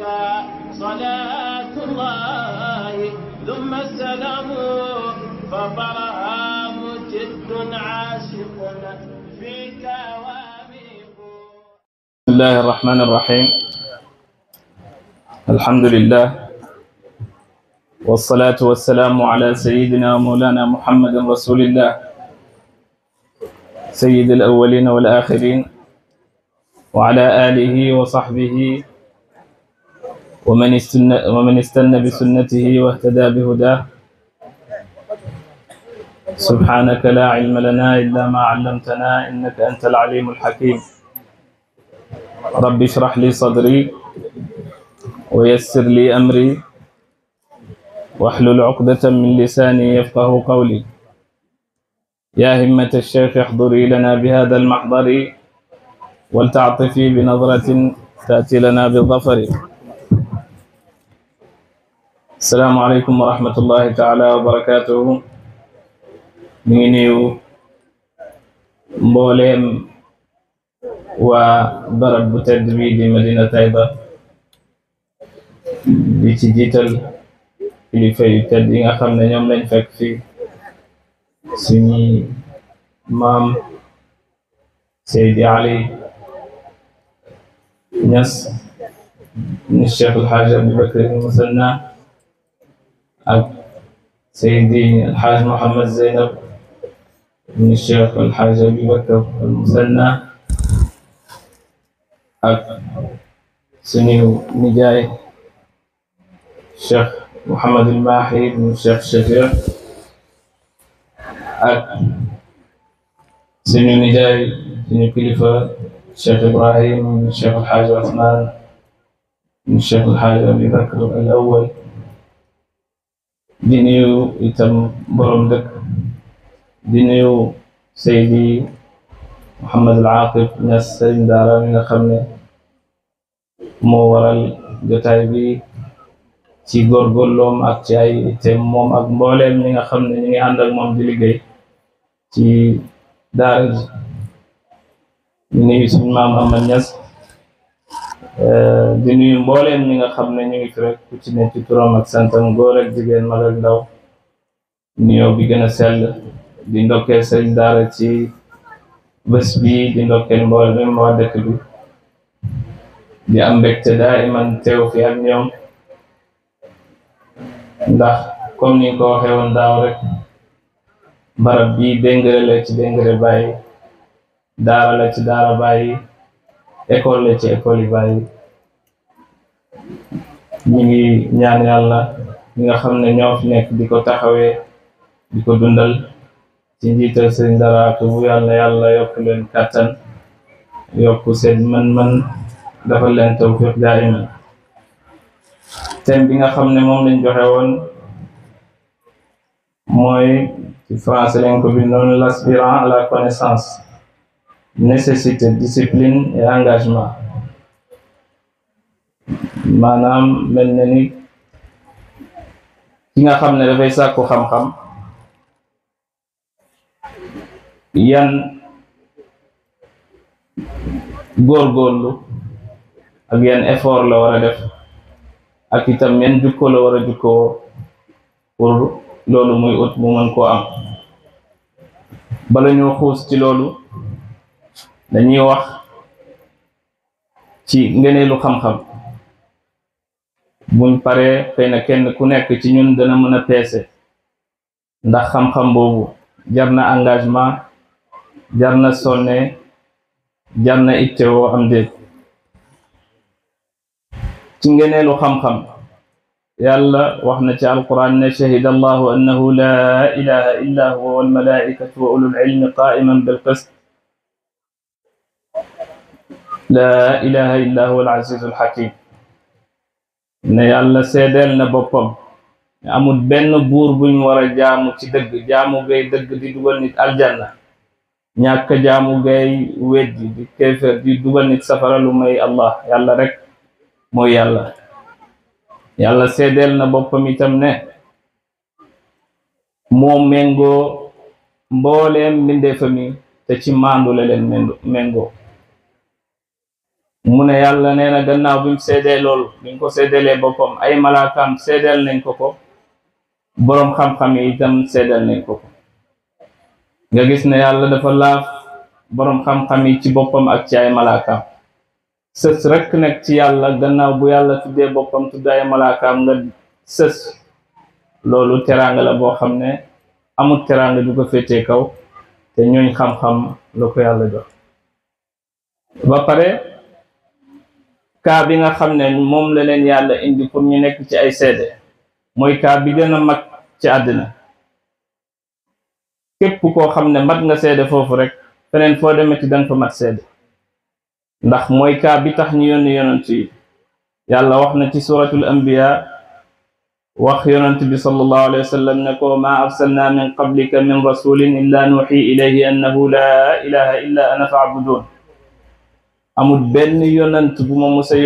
عليك صلاة الله ثم السلام فبرهام جد عاشق فيك واميق بسم الله الرحمن الرحيم الحمد لله والصلاة والسلام على سيدنا مولانا محمد رسول الله سيد الأولين والآخرين وعلى آله وصحبه ومن استنى بسنته واهتدى بهداه سبحانك لا علم لنا إلا ما علمتنا إنك أنت العليم الحكيم رب اشرح لي صدري ويسر لي أمري واحلل عقدة من لساني يفقه قولي يا همة الشيخ احضري لنا بهذا المحضر ولتعطفي بنظرة تأتي لنا بالظفر salaamaaleykum wa rahmatullahi taala wa barakaatuhu ñu ngi nuyu mbooleem waa barab bu tedd bi di Madina Tayba di ci jiital kilifa yu tedd yi nga xam ne ñoom lañ fekk fi suñu maam Seydi Ali Ñas ni Cheikh El Hadj Abdou Bakr Al Musanna ak Seydi Alxaaj Muhammad Zeynab ibn Cheikh Alxaaj Abubakar Almusanna ak suñu nijaay Cheikh Muhammad Almaahi ibn Cheikh Shafir ak suñu nijaay suñu kilifa Cheikh Ibrahim ibn Cheikh Alxaaj Usmaan ibn Cheikh Alxaaj Abubakar Alawal di nuyu itam borom dëkk di nuyu Seydi Mouhamadul Aqib Ñas sëriñ daara mi nga xam ne moo waral jotaay bi ci góorgóorloom ak ci ay itam moom ak mbooleem ñi nga xam ne ñu ngi ak moom di liggéey ci daara ji di nuyu suñu Ñas Euh, di nuyu mbooleem ñi nga xam ne ñu ngi rek ci ne ci turam ak santam góor ak jigéen mag ndaw nuyoo bi gën a sell di ndokkeel sëñ daara ci bés bi di ndokkeel mbooleem waa dëkk bi di am mbégte daa iman teew fi ak ñoom ndax comme ni ko waxee woon daaw rek barab bi déngale ci déngale daara la ci daara bàyyi école la ci école yi bàyyi ñu ngi ñaan yàlla ñi nga xam ne ñoo fi nekk di ko taxawee di ko dundal ci njiital seen daraatu bu yàlla yàlla yokk leen kàttan yokk seen mën-mën dafa leen tawfiq daayima thème bi nga xam ne moom lañ joxe woon mooy ci français lañ ko bi l'aspirant à la connaissance nécessité discipline et engagement maanaam mel na ni ki nga xam ne dafay sàkku xam-xam yan góorgóorlu ak yan effort la war def ak itam yan jukko la war a pour loolu muy ut mu mën koo am bala ñoo xuus ci loolu dañuy wax ci ngëneelu xam-xam buñ paree xëy na kenn ku nekk ci ñun dana mën a peese ndax xam-xam boobu jar na engagement jar na sonne jar na ittewoo am déet ci ngëneelu xam-xam yàlla wax na ci alquran ne shahida allahu annahu la ilaha illa huwa walmalaikatu wa ulul ilmi qaiman bilqist laa ilaha illa huwa al azizul ne yàlla seedeel na boppam amul benn buur buñ war a jaamu ci dëgg jaamu gay dëgg di dugal nit aljanna ñàkk jaamu gay weddi di kéefér di dugal nit safara lu may allah yàlla rek mooy yàlla yàlla seedeel na boppam itam ne moo méngoo mbooleem mbindeefam te ci maandu la leen mu ne yàlla nee na gannaaw bi mu seedee loolu bi ñu ko seedelee boppam ay malaakaam seedeel nañ ko ko boroom xam-xam yi itam seedeel nañ ko ko nga gis ne yàlla dafa laaf boroom xam-xam yi ci boppam ak ci ay malaakaam sës rek nekk ci yàlla gannaaw bu yàlla tuddee boppam tudd ay malaakaam nga sës loolu teraanga la boo xam ne amul teraanga du ko féetee kaw te ñooñ xam-xam la ko yàlla jox ba pare kaa bi nga xam ne moom la leen yàlla indi pour ñu nekk ci ay seede mooy kaa bi gën a ci àddina képp koo xam ne mat nga seede foofu rek feneen foo demee ci danga fa mat seede ndax mooy kaa bi tax ñu yónni yonent yi yàlla wax na ci suratul anbiya wax yonent bi sallallahu alayhi wa sallam ne ko maa min qablika min rasulin illa nuuxi ilayhi ana faabudun amul benn yonant bu ma mës a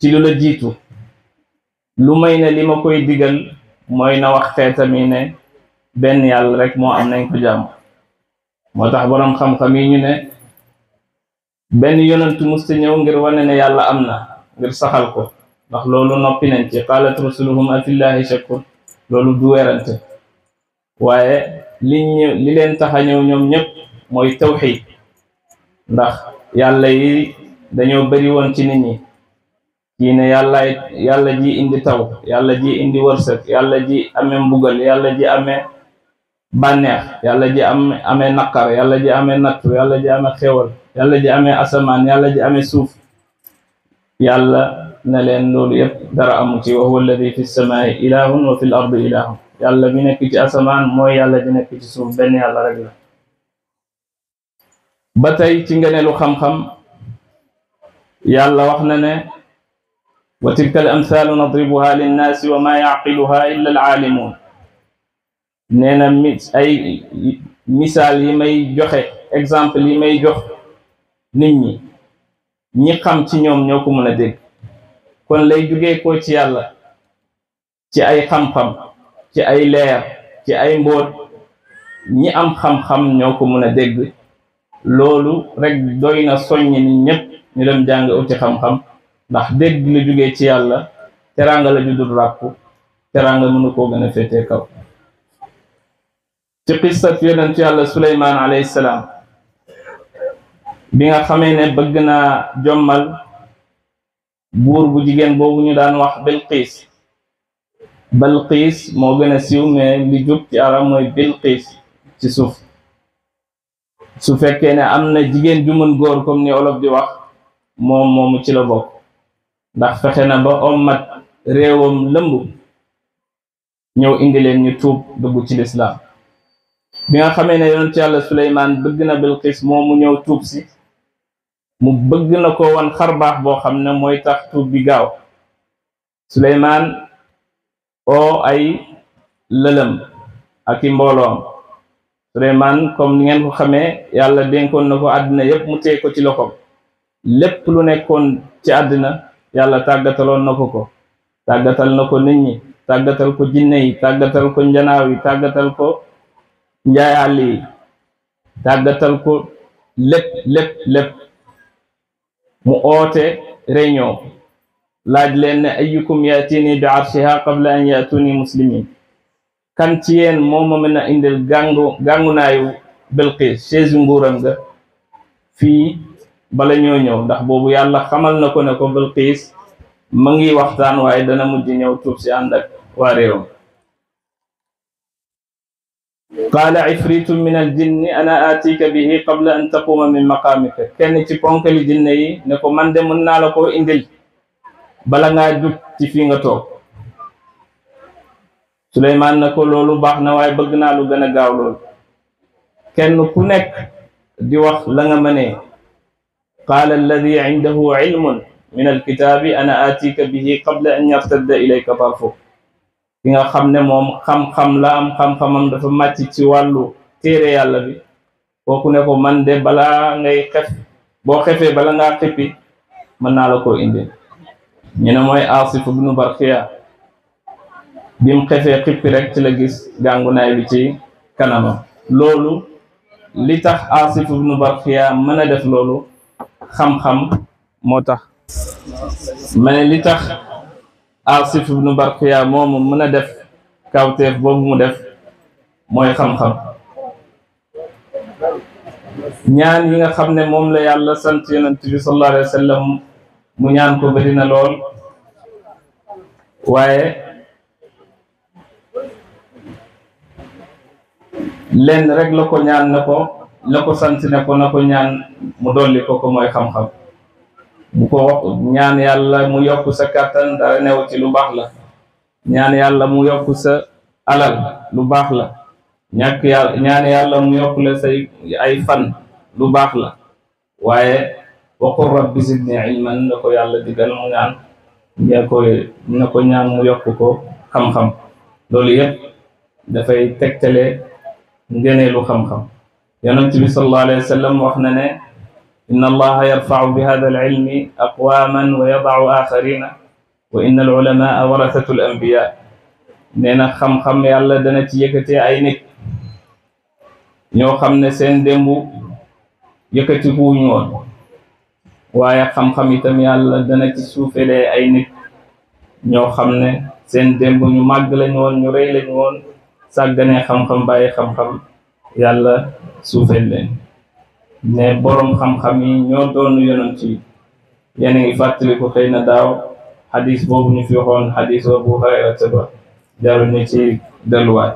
ci lu la jiitu lu may ne li ma koy digal mooy na wax xeetami ne benn yàlla rek moo am nañ ko jàmm moo tax boroom xam-xam yi ñu ne benn yonant musta ñëw ngir wane yàlla am na ngir saxal ko ndax loolu noppi nañ ci qaalat rusuluhum afillahi shakkun loolu du werante waaye li li leen tax a ñëw ñoom ñëpp mooy tawxiid ndax yàlla yi dañoo bariwoon woon ci nit ñi kii ne yàlla yàlla ji indi taw yàlla ji indi wërsëg yàlla ji ame mbugal yàlla ji amee banneex yàlla ji am amee naqar yàlla ji amee nattu yàlla ji amee xewal yàlla ji amee asamaan yàlla ji amee suuf yàlla ne leen loolu yépp dara amu ci wa huwa alladi fi samaai ilahun wa fi l ardi ilahun yàlla bi nekk ci asamaan mooy yàlla bi nekk ci suuf benn yàlla rek ba tey ci ngeneelu xam-xam yàlla wax na ne wa tilka al amthaalu nadribuha linnaasi wa maa yaqiluha illa alaalimuun nee na mi ay misaal yi may joxe exemple yi may jox nit ñi ñi xam ci ñoom ñoo ko mën a dégg kon lay jugee ko ci yàlla ci ay xam-xam ci ay leer ci ay mbóot ñi am xam-xam ñoo ko mën a dégg loolu rek doy na soññi ni ñëpp ñu dem jàng ci xam-xam ndax dégg lu jugee ci yàlla teraanga la ju dul ràkku teraanga mënu koo gën a féetee kaw ci xissat yonent yàlla suleymaan alayhi salaam bi nga xamee ne bëgg naa jommal buur bu jigéen boobu ñu daan wax bilqiis balqiis moo gën a siiw mais li jub ci arab mooy bilqiis ci suuf su fekkee ne am na jigéen ju mën góor comme ni olof di wax moom moomu ci la bokk ndax fexe na ba ommat réewam lëmb ñëw indi leen ñu tuub dugg ci lislaam bi nga xamee ne yonent yàlla Suleymaan bëgg na Bilqis mu ñëw tuub si mu bëgg na ko wan xarbaax boo xam ne mooy tax tuub bi gaaw Suleymaan oo ay lëlëm ak i mbooloom Suleymaan comme ni ngeen ko xamee yàlla dénkoon na ko àddina yépp mu téye ko ci loxoom lépp lu nekkoon ci àddina yàlla tàggataloon na ko ko tàggatal na ko nit ñi ko jinne yi tàggatal ko njanaaw yi tàggatal ko njaay àll tàggatal ko lépp lépp lépp mu oote réunion laaj leen ne ayyukum yaatini bi arshiha qabla an yaatuni muslimin kan ci yéen moom ma mën a indil gàngu gàngunaayu Belqis chaise nguuram ga fii bala ñoo ñëw ndax boobu yàlla xamal na ko ne ko Belqis ma ngi waxtaan waaye dana mujj ñëw tuub si ànd ak waa réewam qaala ifritu min al jinni ana atika bihi qabla an taquma min maqaamika kenn ci ponkali jinne yi ne ko man de mën naa la ko indil bala ngaa jug ci fii nga toog Suleymaan na ko loolu baax na waaye bëgg naa lu gën a gaaw loolu kenn ku nekk di wax la nga mënee qaala alladi indahu ilmun min alkitaabi ana atika bihi qabla an yartadda ilayka tarfuk ki nga xam ne moom xam-xam la am xam-xamam dafa màcc ci wàllu téere yàlla bi kooku ne ko man de bala ngay xef boo xefee bala ngaa xippi mën naa la ko indi ñu ne mooy Aasif ibnu bi mu xefee xippi rek ci la gis gàngunaay bi ci kanama loolu li tax Aasif ibnu Barxiya mën a def loolu xam-xam moo tax ma li tax Aasif ibnu Barxiya moomu mën a def kawteef boobu mu def mooy xam-xam ñaan yi nga xam ne moom la yàlla sant yonent bi sallallahu alayhi mu ñaan ko bëri na lool waaye lenn rek la ko ñaan na ko la ko sant ne na ko ñaan mu dolli ko ko mooy xam-xam bu ko ñaan yàlla mu yokk sa kàttan dara ci lu baax la ñaan yàlla mu yokk sa alal lu baax la ñàkk yàlla ñaan yàlla mu yokk la say ay fan lu baax la waaye waqul rabbi zidni ilman na ko yàlla digal mu ñaan nga koy ko ñaan mu yokk ko xam-xam loolu yépp dafay tegtale ngëneelu xam-xam yonent bi sallallahu alayhi wa sallam wax na ne inna allaha yarfau bi hada alilmi aqwaman wa yadau axarina wa inna alulamaa warasatu al anbiya nee na xam-xam yàlla dana ci yëkkatee ay nit ñoo xam ne seen démbu yëkkati kuuñu woon waaye xam-xam itam yàlla dana ci suufelee ay nit ñoo xam ne seen démb ñu màgg lañu woon ñu rëy lañu woon sàgganee xam-xam bàyyi xam-xam yàlla suufeel leen ne boroom xam-xam yi ñoo doon yonent yi yéen ngi fàttaliku xëy na daaw xadis boobu ñu fi waxoon xadis Abu Hurayra ba jaru ñu ci delluwaat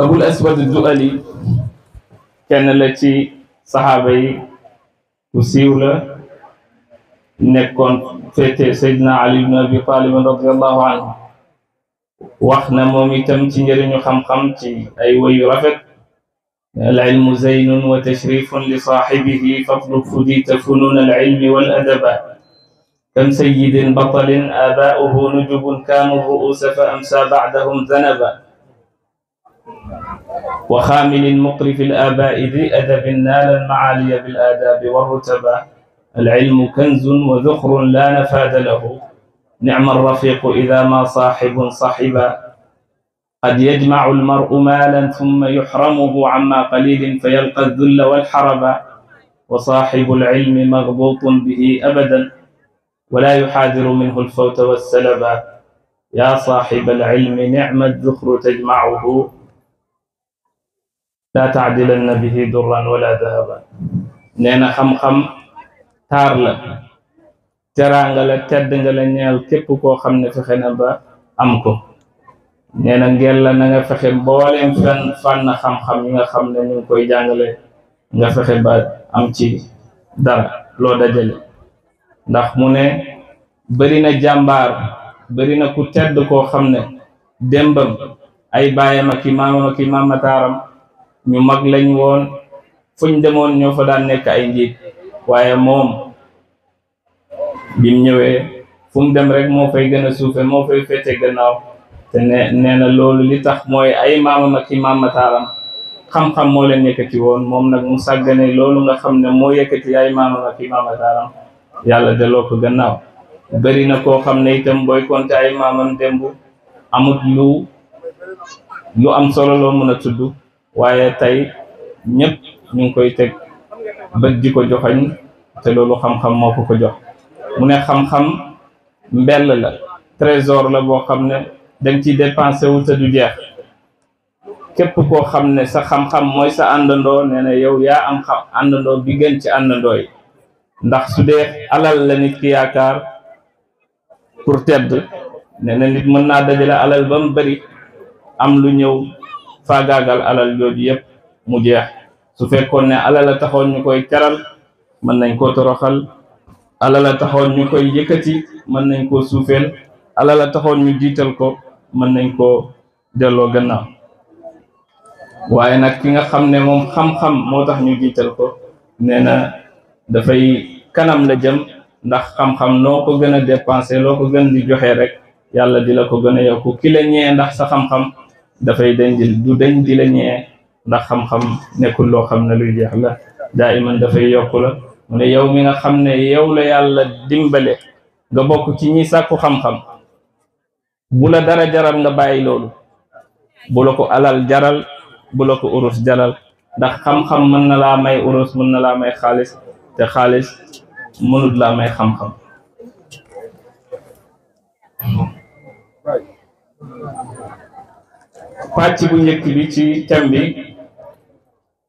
Abul Aswad Du'ali kenn la ci saxaaba yi ku siiw la nekkoon féete Seydina Ali ibn Abi Talib radiyallahu wax na moom itam ci njëriñu xam-xam ci ay woyu rafet alilmu zeynun wa tashrifun li saaxibihi fatlub fudita funun alilmi wal adaba kam sayidin batalin abaauhu nujubun kaanu ru'uusa fa amsa bacdahum zanaba wa xaamilin muqrifi alaabaai di adabin naalan macaaliya bilaadaabi warutaba alilmu kanzun wa zuxrun laa nafaada lahu نعم الرفيق إذا ما صاحب صاحبا قد يجمع المرء مالا ثم يحرمه عما قليل فيلقى الذل والحربا وصاحب العلم مغبوط به أبدا ولا يحاذر منه الفوت والسلبا يا صاحب العلم نعم الذخر تجمعه لا تعدلن به درا ولا ذهبا nee na xam-xam taar la teraanga la tedd nga la ñeel képp koo xam ne fexe ba am ko nee na ngel la na nga fexe mbooleem fenn fànn xam-xam yi nga xam ne ñu ngi koy jàngale nga fexe ba am ci dara loo dajale ndax mu ne bëri na jàmbaar bëri na ku tedd koo xam ne démbam ay baayam ak i maamam ak i maamataaram ñu mag lañu woon fuñ demoon ñoo fa daan nekk ay njiit waaye moom bi ñëwee fu dem rek moo fay gën a suufe moo fay féete gannaaw te ne loolu li tax mooy ay maamam ak i maamataaram xam-xam moo leen yëkkati woon moom nag mu sàggane loolu nga xam ne moo yëkkati ay maamam ak i maamataaram yàlla delloo ko gannaaw bëri na koo xam ne itam booy konte ay maamam démb amut lu lu am solo loo mën a tudd waaye tey ñëpp ñu ngi koy teg bët di ko joxañ te loolu xam-xam moo ko ko jox mu ne xam-xam mbell la trésor la boo xam ne dañ ciy dépensé wu te du jeex képp koo xam ne sa xam-xam mooy sa àndandoo nee na yow yaa am xam àndandoo bi gën ci àndandoo yi ndax su dee alal la nit ki yaakaar pour tedd nee na nit mën naa dajale alal ba mu bari am lu ñëw faagaagal alal jooju yépp mu jeex su fekkoon ne alal a taxoon ñu koy caral mën nañ koo toroxal la taxoon ñu koy yëkkati mën nañ koo suufeel la taxoon ñu jiital ko mën nañ koo delloo gannaaw waaye nag ki nga xam ne moom xam-xam moo tax ñu jiital ko nee na dafay kanam la jëm ndax xam-xam noo ko gën a dépensé loo ko gën di joxe rek yàlla di la ko gën a yokku ki la ñee ndax sa xam-xam dafay dañ di la ñee ndax xam-xam nekkul loo xam ne luy jeex la daa iman dafay yokku la mu ne yow mi nga xam ne yow la yàlla dimbale nga bokk ci ñi sàkku xam-xam bu dara jaral nga bàyyi loolu bu ko alal jaral bu ko urus jaral ndax xam-xam mën na laa may urus mën na laa may xaalis te xaalis mënut laa may xam-xam pàcc bu njëkk bi ci thème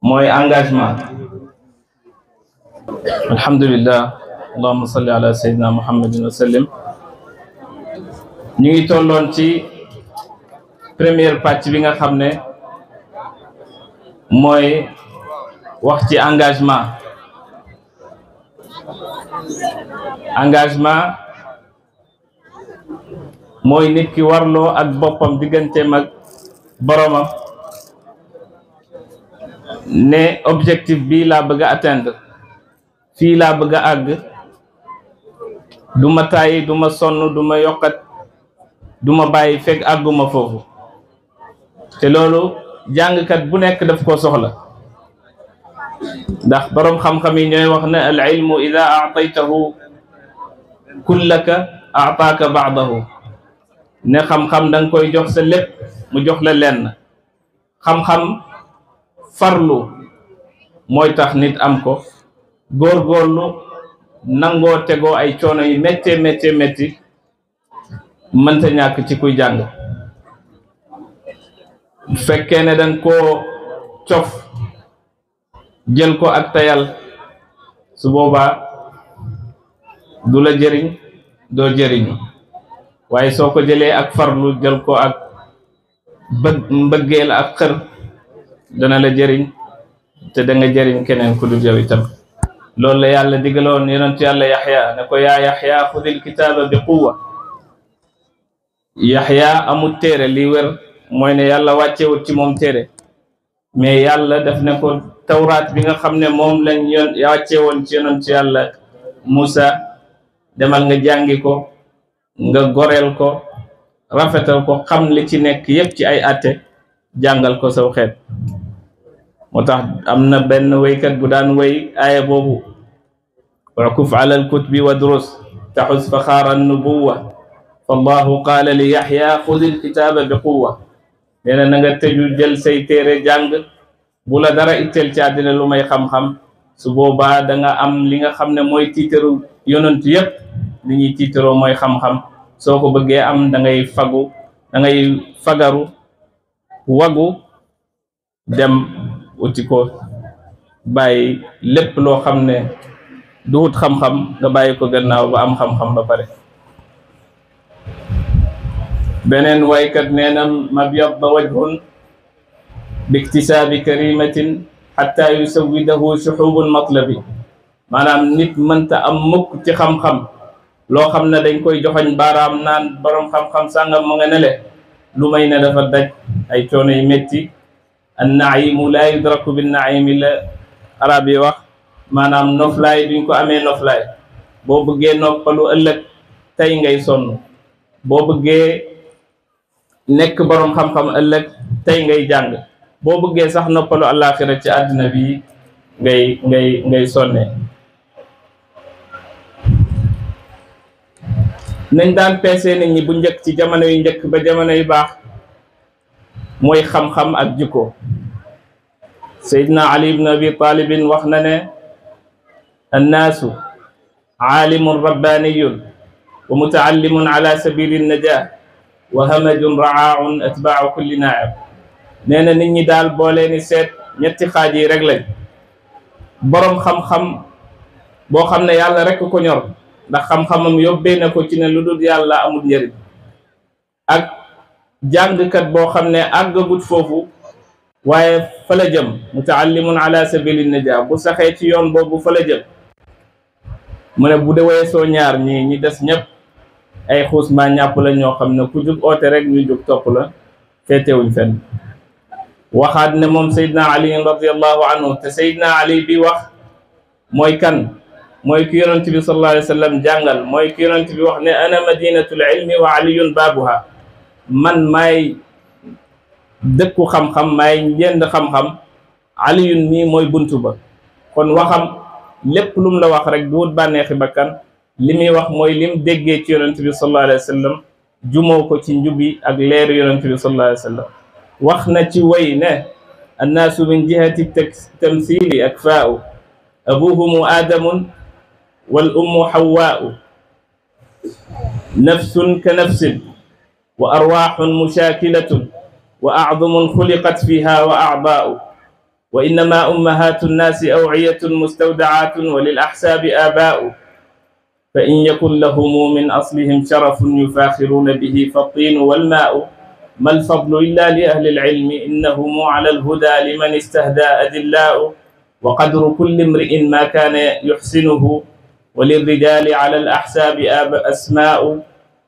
mooy engagement alhamdulillah allahuma salli ala sayyidina muhammadin wa sallim ñu ngi tolloon ci première pàcc bi nga xam ne mooy wax ci engagement engagement mooy nit ki warloo ak boppam digganteem ak boromam ne objectif bi laa bëgg a atteindre fii laa bëgg a àgg du ma du ma sonn du ma yokkat du ma bàyyi fekk àgguma foofu te loolu jàngkat bu nekk daf koo soxla ndax boroom xam-xam yi ñooy wax ne al ilmu ida aataytahu kullaka aataaka baadahu ne xam-xam danga koy jox sa lépp mu jox la lenn xam-xam farlu mooy tax nit am ko góorgóorlu nango tegoo ay coono yu méttee méttee métti mënta ñàkk ci kuy jàng fekkee ne danga koo cof jël ko ak tayal su boobaa du la jëriñ doo jëriñu waaye soo ko jëlee ak farlu jël ko ak bëgg ak xër dana la jëriñ te da nga jëriñ keneen ku dul yow itam loolu la yàlla digaloon yonent yàlla yaxya ne ko yaa yaxya xudil kitaaba bi quwwa yaxya amul téere li wér mooy ne yàlla wàccewut ci moom téere mais yàlla daf ne ko tawraat bi nga xam ne moom lañ yoon wàcce woon ci yonent yàlla Musa demal nga jàngi ko nga goreel ko rafetal ko xam li ci nekk yépp ci ay atte jàngal ko saw xeet moo tax am na benn waykat bu daan way aaya boobu وعكف على الكتب وادرس تحز فخار النبوة فالله قال ليحيى خذ الكتاب بقوة nee na na nga tëju jël say téere jàng bu la dara itteel ci àddina lu may xam-xam su boobaa da nga am li nga xam ne mooy tiitaru yonent yëpp li ñuy tiitaroo mooy xam-xam soo ko bëggee am da ngay fagu da ngay fagaru wagu dem uti ko bàyyi loo xam ne duwut xam-xam nga bàyyi ko gannaaw ba am xam-xam ba pare beneen waykat nee na mabyadda wajhun biktisaabi karimatin xatta yusawidahu suxubun matlabi maanaam nit mënta am mukk ci xam-xam loo xam ne dañ koy joxoñ baaraam naan borom xam-xam sàngam mu nga nele lu may ne dafa daj ay coono yu métti an naimu laa yudraku la arab wax maanaam noflaay duñ ko amee noflaay boo bëggee noppalu ëllëg tey ngay sonn boo bëggee nekk boroom xam-xam ëllëg tey ngay jàng boo bëggee sax noppalu àllaaxira ci àddina bi ngay ngay ngay nañ daan peese nit ñi bu njëkk ci jamono yu njëkk ba jamono yu baax mooy xam-xam ak jikko Seydina Ali ibn bi Talibin wax na ne annaasu aalimun rabbaaniyun wa mutaallimun ala sabili najah wa hamajun raaun atbaaru kulli naab nee na nit ñi daal boo leen seet ñetti xaaj yi rek lañ boroom xam-xam boo xam ne yàlla rek ko ñor ndax xam-xamam yóbbee na ko ci ne lu dul yàlla amul njëriñ ak jàngkat boo xam ne àggagut foofu waaye fa la jëm mutaallimun ala sabili najah bu saxee ci yoon boobu fa la mu ne bu de weesoo ñaar ñi ñi des ñëpp ay xuus ma ñàpp la ñoo xam ne ku jug oote rek ñu jug topp la féetewuñ fenn waxaat ne moom Seydina Ali radiallahu anhu te Ali bi wax mooy kan mooy ki bi sallallahu alayhi wa jàngal mooy ki bi wax ne ana madinatul ilmi wa aliyun baabuha man maay dëkku xam-xam maay njënd xam-xam aliyun mii mooy buntu ba kon waxam lépp lu la wax rek duut bànneexi bakkan li muy wax mooy lim ci yonent bi sallallahu alayhi wa ko ci njubi ak leeru yonent bi sallallahu alayhi wa wax na ci way ne annaasu min jihati tamsili akfaau abuhumu aadamun wal ummu hawaau nafsun ka nafsin wa arwaxun mushaakilatun wa acdumun xuliqat fiha wa acdaau وإنما أمهات الناس أوعية مستودعات وللأحساب آباء فإن يكن لهم من أصلهم شرف يفاخرون به فالطين والماء ما الفضل إلا لأهل العلم إنهم على الهدى لمن استهدى أدلاء وقدر كل امرئ ما كان يحسنه وللرجال على الأحساب أسماء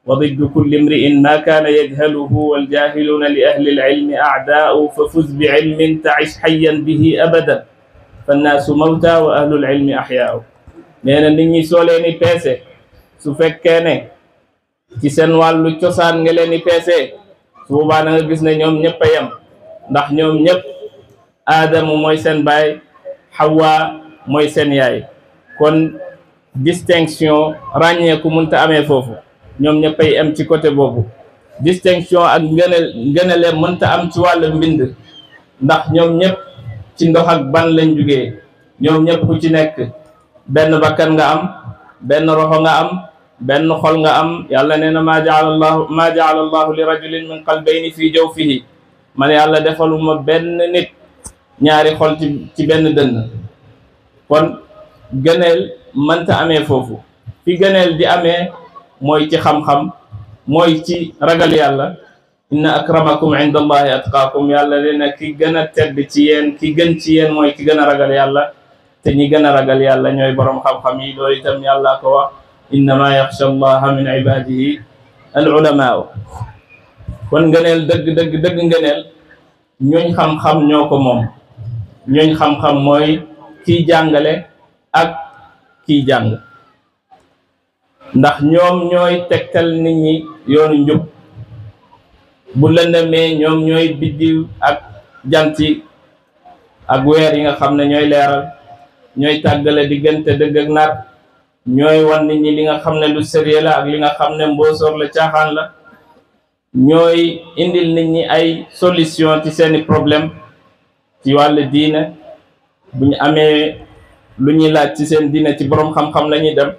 وضد كل امرئ ما كان يجهله والجاهلون لأهل العلم أعداء ففز بعلم تعش حيا به أبدا فالناس موتى وأهل العلم أحياء nee na nit ñi soo leen di peese su fekkee ne ci seen wàllu cosaan nga leen di peese su boobaa na nga gis ne ñoom ñëpp a ndax ñoom ñëpp aadamu mooy seen baay wa mooy seen yaay kon distinction ràññeeku munta amee foofu ñoom ñëppay am ci côté boobu distinction ak ngëne ngënele mënta am ci wàll mbind ndax ñoom ñëpp ci ndox ak ban lañ jugee ñoom ñëpp ku ci nekk benn bakkan nga am benn roxo nga am benn xol nga am yàlla nee na maa jaala allahu maa jaala allahu li rajulin min qalbayni fii jawfihi man yàlla defaluma benn nit ñaari xol ci benn dënn kon gëneel mënta amee foofu fi gëneel di amee mooy ci xam-xam mooy ci ragal yàlla inna akramakum inda allahi atqaakum yàlla leena ki gën a tedd ci yéen ki gën ci yéen mooy ci gën a ragal yàlla te ñi gën a ragal yàlla ñooy boroom xam-xam yi loolu itam yàlla ko wax innama yaxsha allaha min ibadihi al ulamaaw kon ngëneel dëgg dëgg dëgg ñooñ xam-xam ñoo ko moom ñooñ xam-xam mooy ki jàngale ak kiy jàng ndax ñoom ñooy tegtal nit ñi yoonu njub bu lëndamee ñoom ñooy biddiw ak jant yi ak weer yi nga xam ne ñooy leeral ñooy tàggale diggante dëgg ak nar ñooy wan nit ñi li nga xam ne lu sérieux la ak li nga xam ne mboosoor la caaxaan la ñooy indil nit ñi ay solution ci seeni problème ci wàll diine bu ñu amee lu ñuy laaj ci seen diine ci boroom xam-xam la dem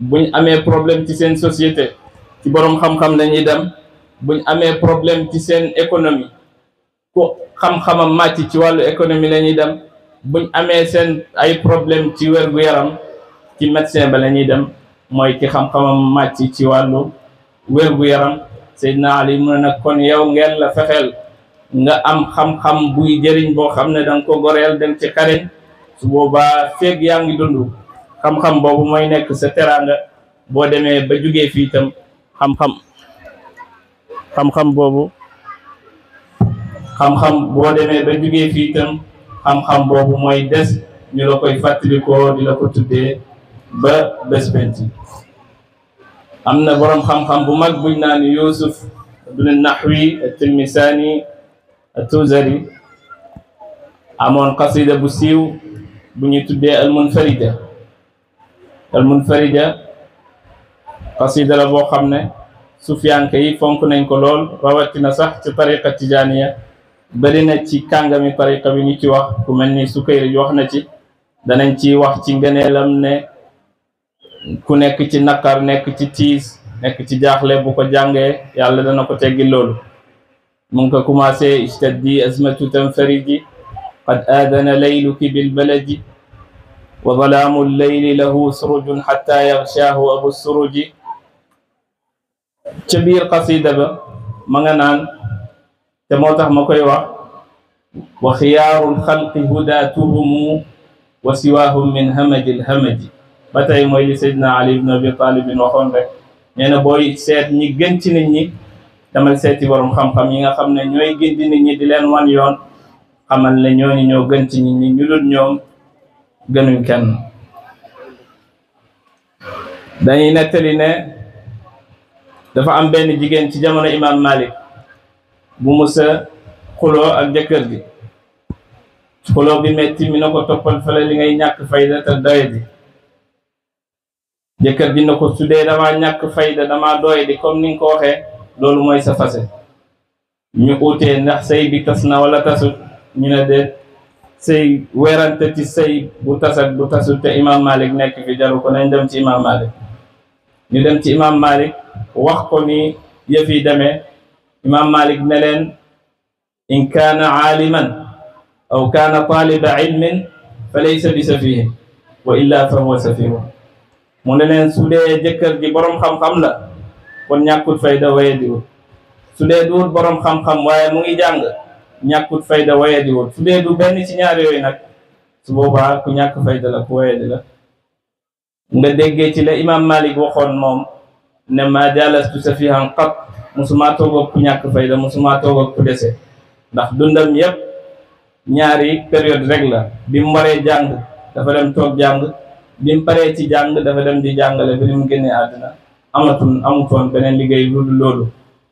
buñ amee problème ci seen société ci boroom xam-xam lañuy dem buñ amee problème ci seen économie ku xam-xamam màcc ci wàllu économie lañuy dem buñ amee seen ay problème ci wér-gu-yaram ci médecin ba lañuy dem mooy ki xam-xamam màcc ci wàllu wér-gu-yaram Seydina Ali mu ne nag kon yow ngeen la fexeel nga am xam-xam buy jëriñ boo xam ne danga ko goreel dem ci xarit su boobaa feeg yaa ngi dund xam-xam boobu mooy nekk sa teraanga boo demee ba jugee fii itam xam-xam boobu xam-xam boo demee ba jugee fii itam xam-xam boobu mooy des ñu la koy fàttalikoo di la tuddee ba bés am na boroom xam-xam bu mag buñ naan Yusuf ibn Nahwi at-Tilmisani at-Tuzari amoon qasida bu siiw bu ñu tuddee al-Munfarida al munfarida xasida la boo xam ne sufiyanke yi fonk nañ ko lool rawatina sax ci tariqa tijaaniya bari na ci kàngami tariqa bi ñu ci wax ku mel ni Sukayri wax na ci danañ ci wax ci ngëneelam ne ku nekk ci naqar nekk ci tiis nekk ci jaaxle bu ko jàngee yàlla dana ko teggi loolu mu ngi ko commencé istaddi azmatu tanfariji qad aadana layluki bilbaladi وظلام الليل له سرج حتى يغشاه أبو السرج ca biir qasida ba ma nga naan te moo tax ma koy wax wa xiyaarul xalqi hudaatuhumu wa siwaahum min hamajil hamaji ba tey mooy li Seydina Ali ibn Abi Talibin waxoon rek nee na booy seet ñi gën ci nit ñi demal seeti borom xam-xam yi nga xam ne ñooy gindi nit ñi di leen wan yoon xamal ne ñooñu ñoo gën ci nit ñi ñu dul ñoom gënuñ kenn dañu nettali ne dafa am benn jigéen ci jamono imam malik bu musa xuloo ak jëkkër gi xuloo bi metti mi na ko toppal fale li ngay ñàkk fayda te doye jëkkër gi na ko sudee dama ñàkk fayda dama doye di comme ni nga ko waxee loolu mooy sa fase ñu uutee ndax sëy bi tas na wala tasut ñu ne déet say weerante ci say bu tas ak bu tasul te imam malik nekk fi jaru ko nañ dem ci imam malik ñu dem ci malik wax ko ni yëf yi demee imam malik ne in kaana aaliman aw kaana taaliba ilmin fa laysa bi safihin wa fa huwa safihun mu ne leen su dee jëkkër ji borom xam-xam la kon ñàkkut fayda waye diwut su dee xam-xam waaye mu ngi ñàkkut fayda wayadi wul su dee du benn ci ñaar yooyu nag su boobaa ku ñàkk fayda la ku wayadi la nga déggee ci la imam malik waxoon moom ne ma jalastu safihan qat musumaa toog ak ku ñàkk fayda musumaa toog ak ku dese ndax dundam yépp ñaari période rek la bi mu waree jàng dafa dem toog jàng bi mu paree ci jàng dafa dem di jàngale bi mu génnee àdduna amatul amutoon beneen liggéey lu dul loolu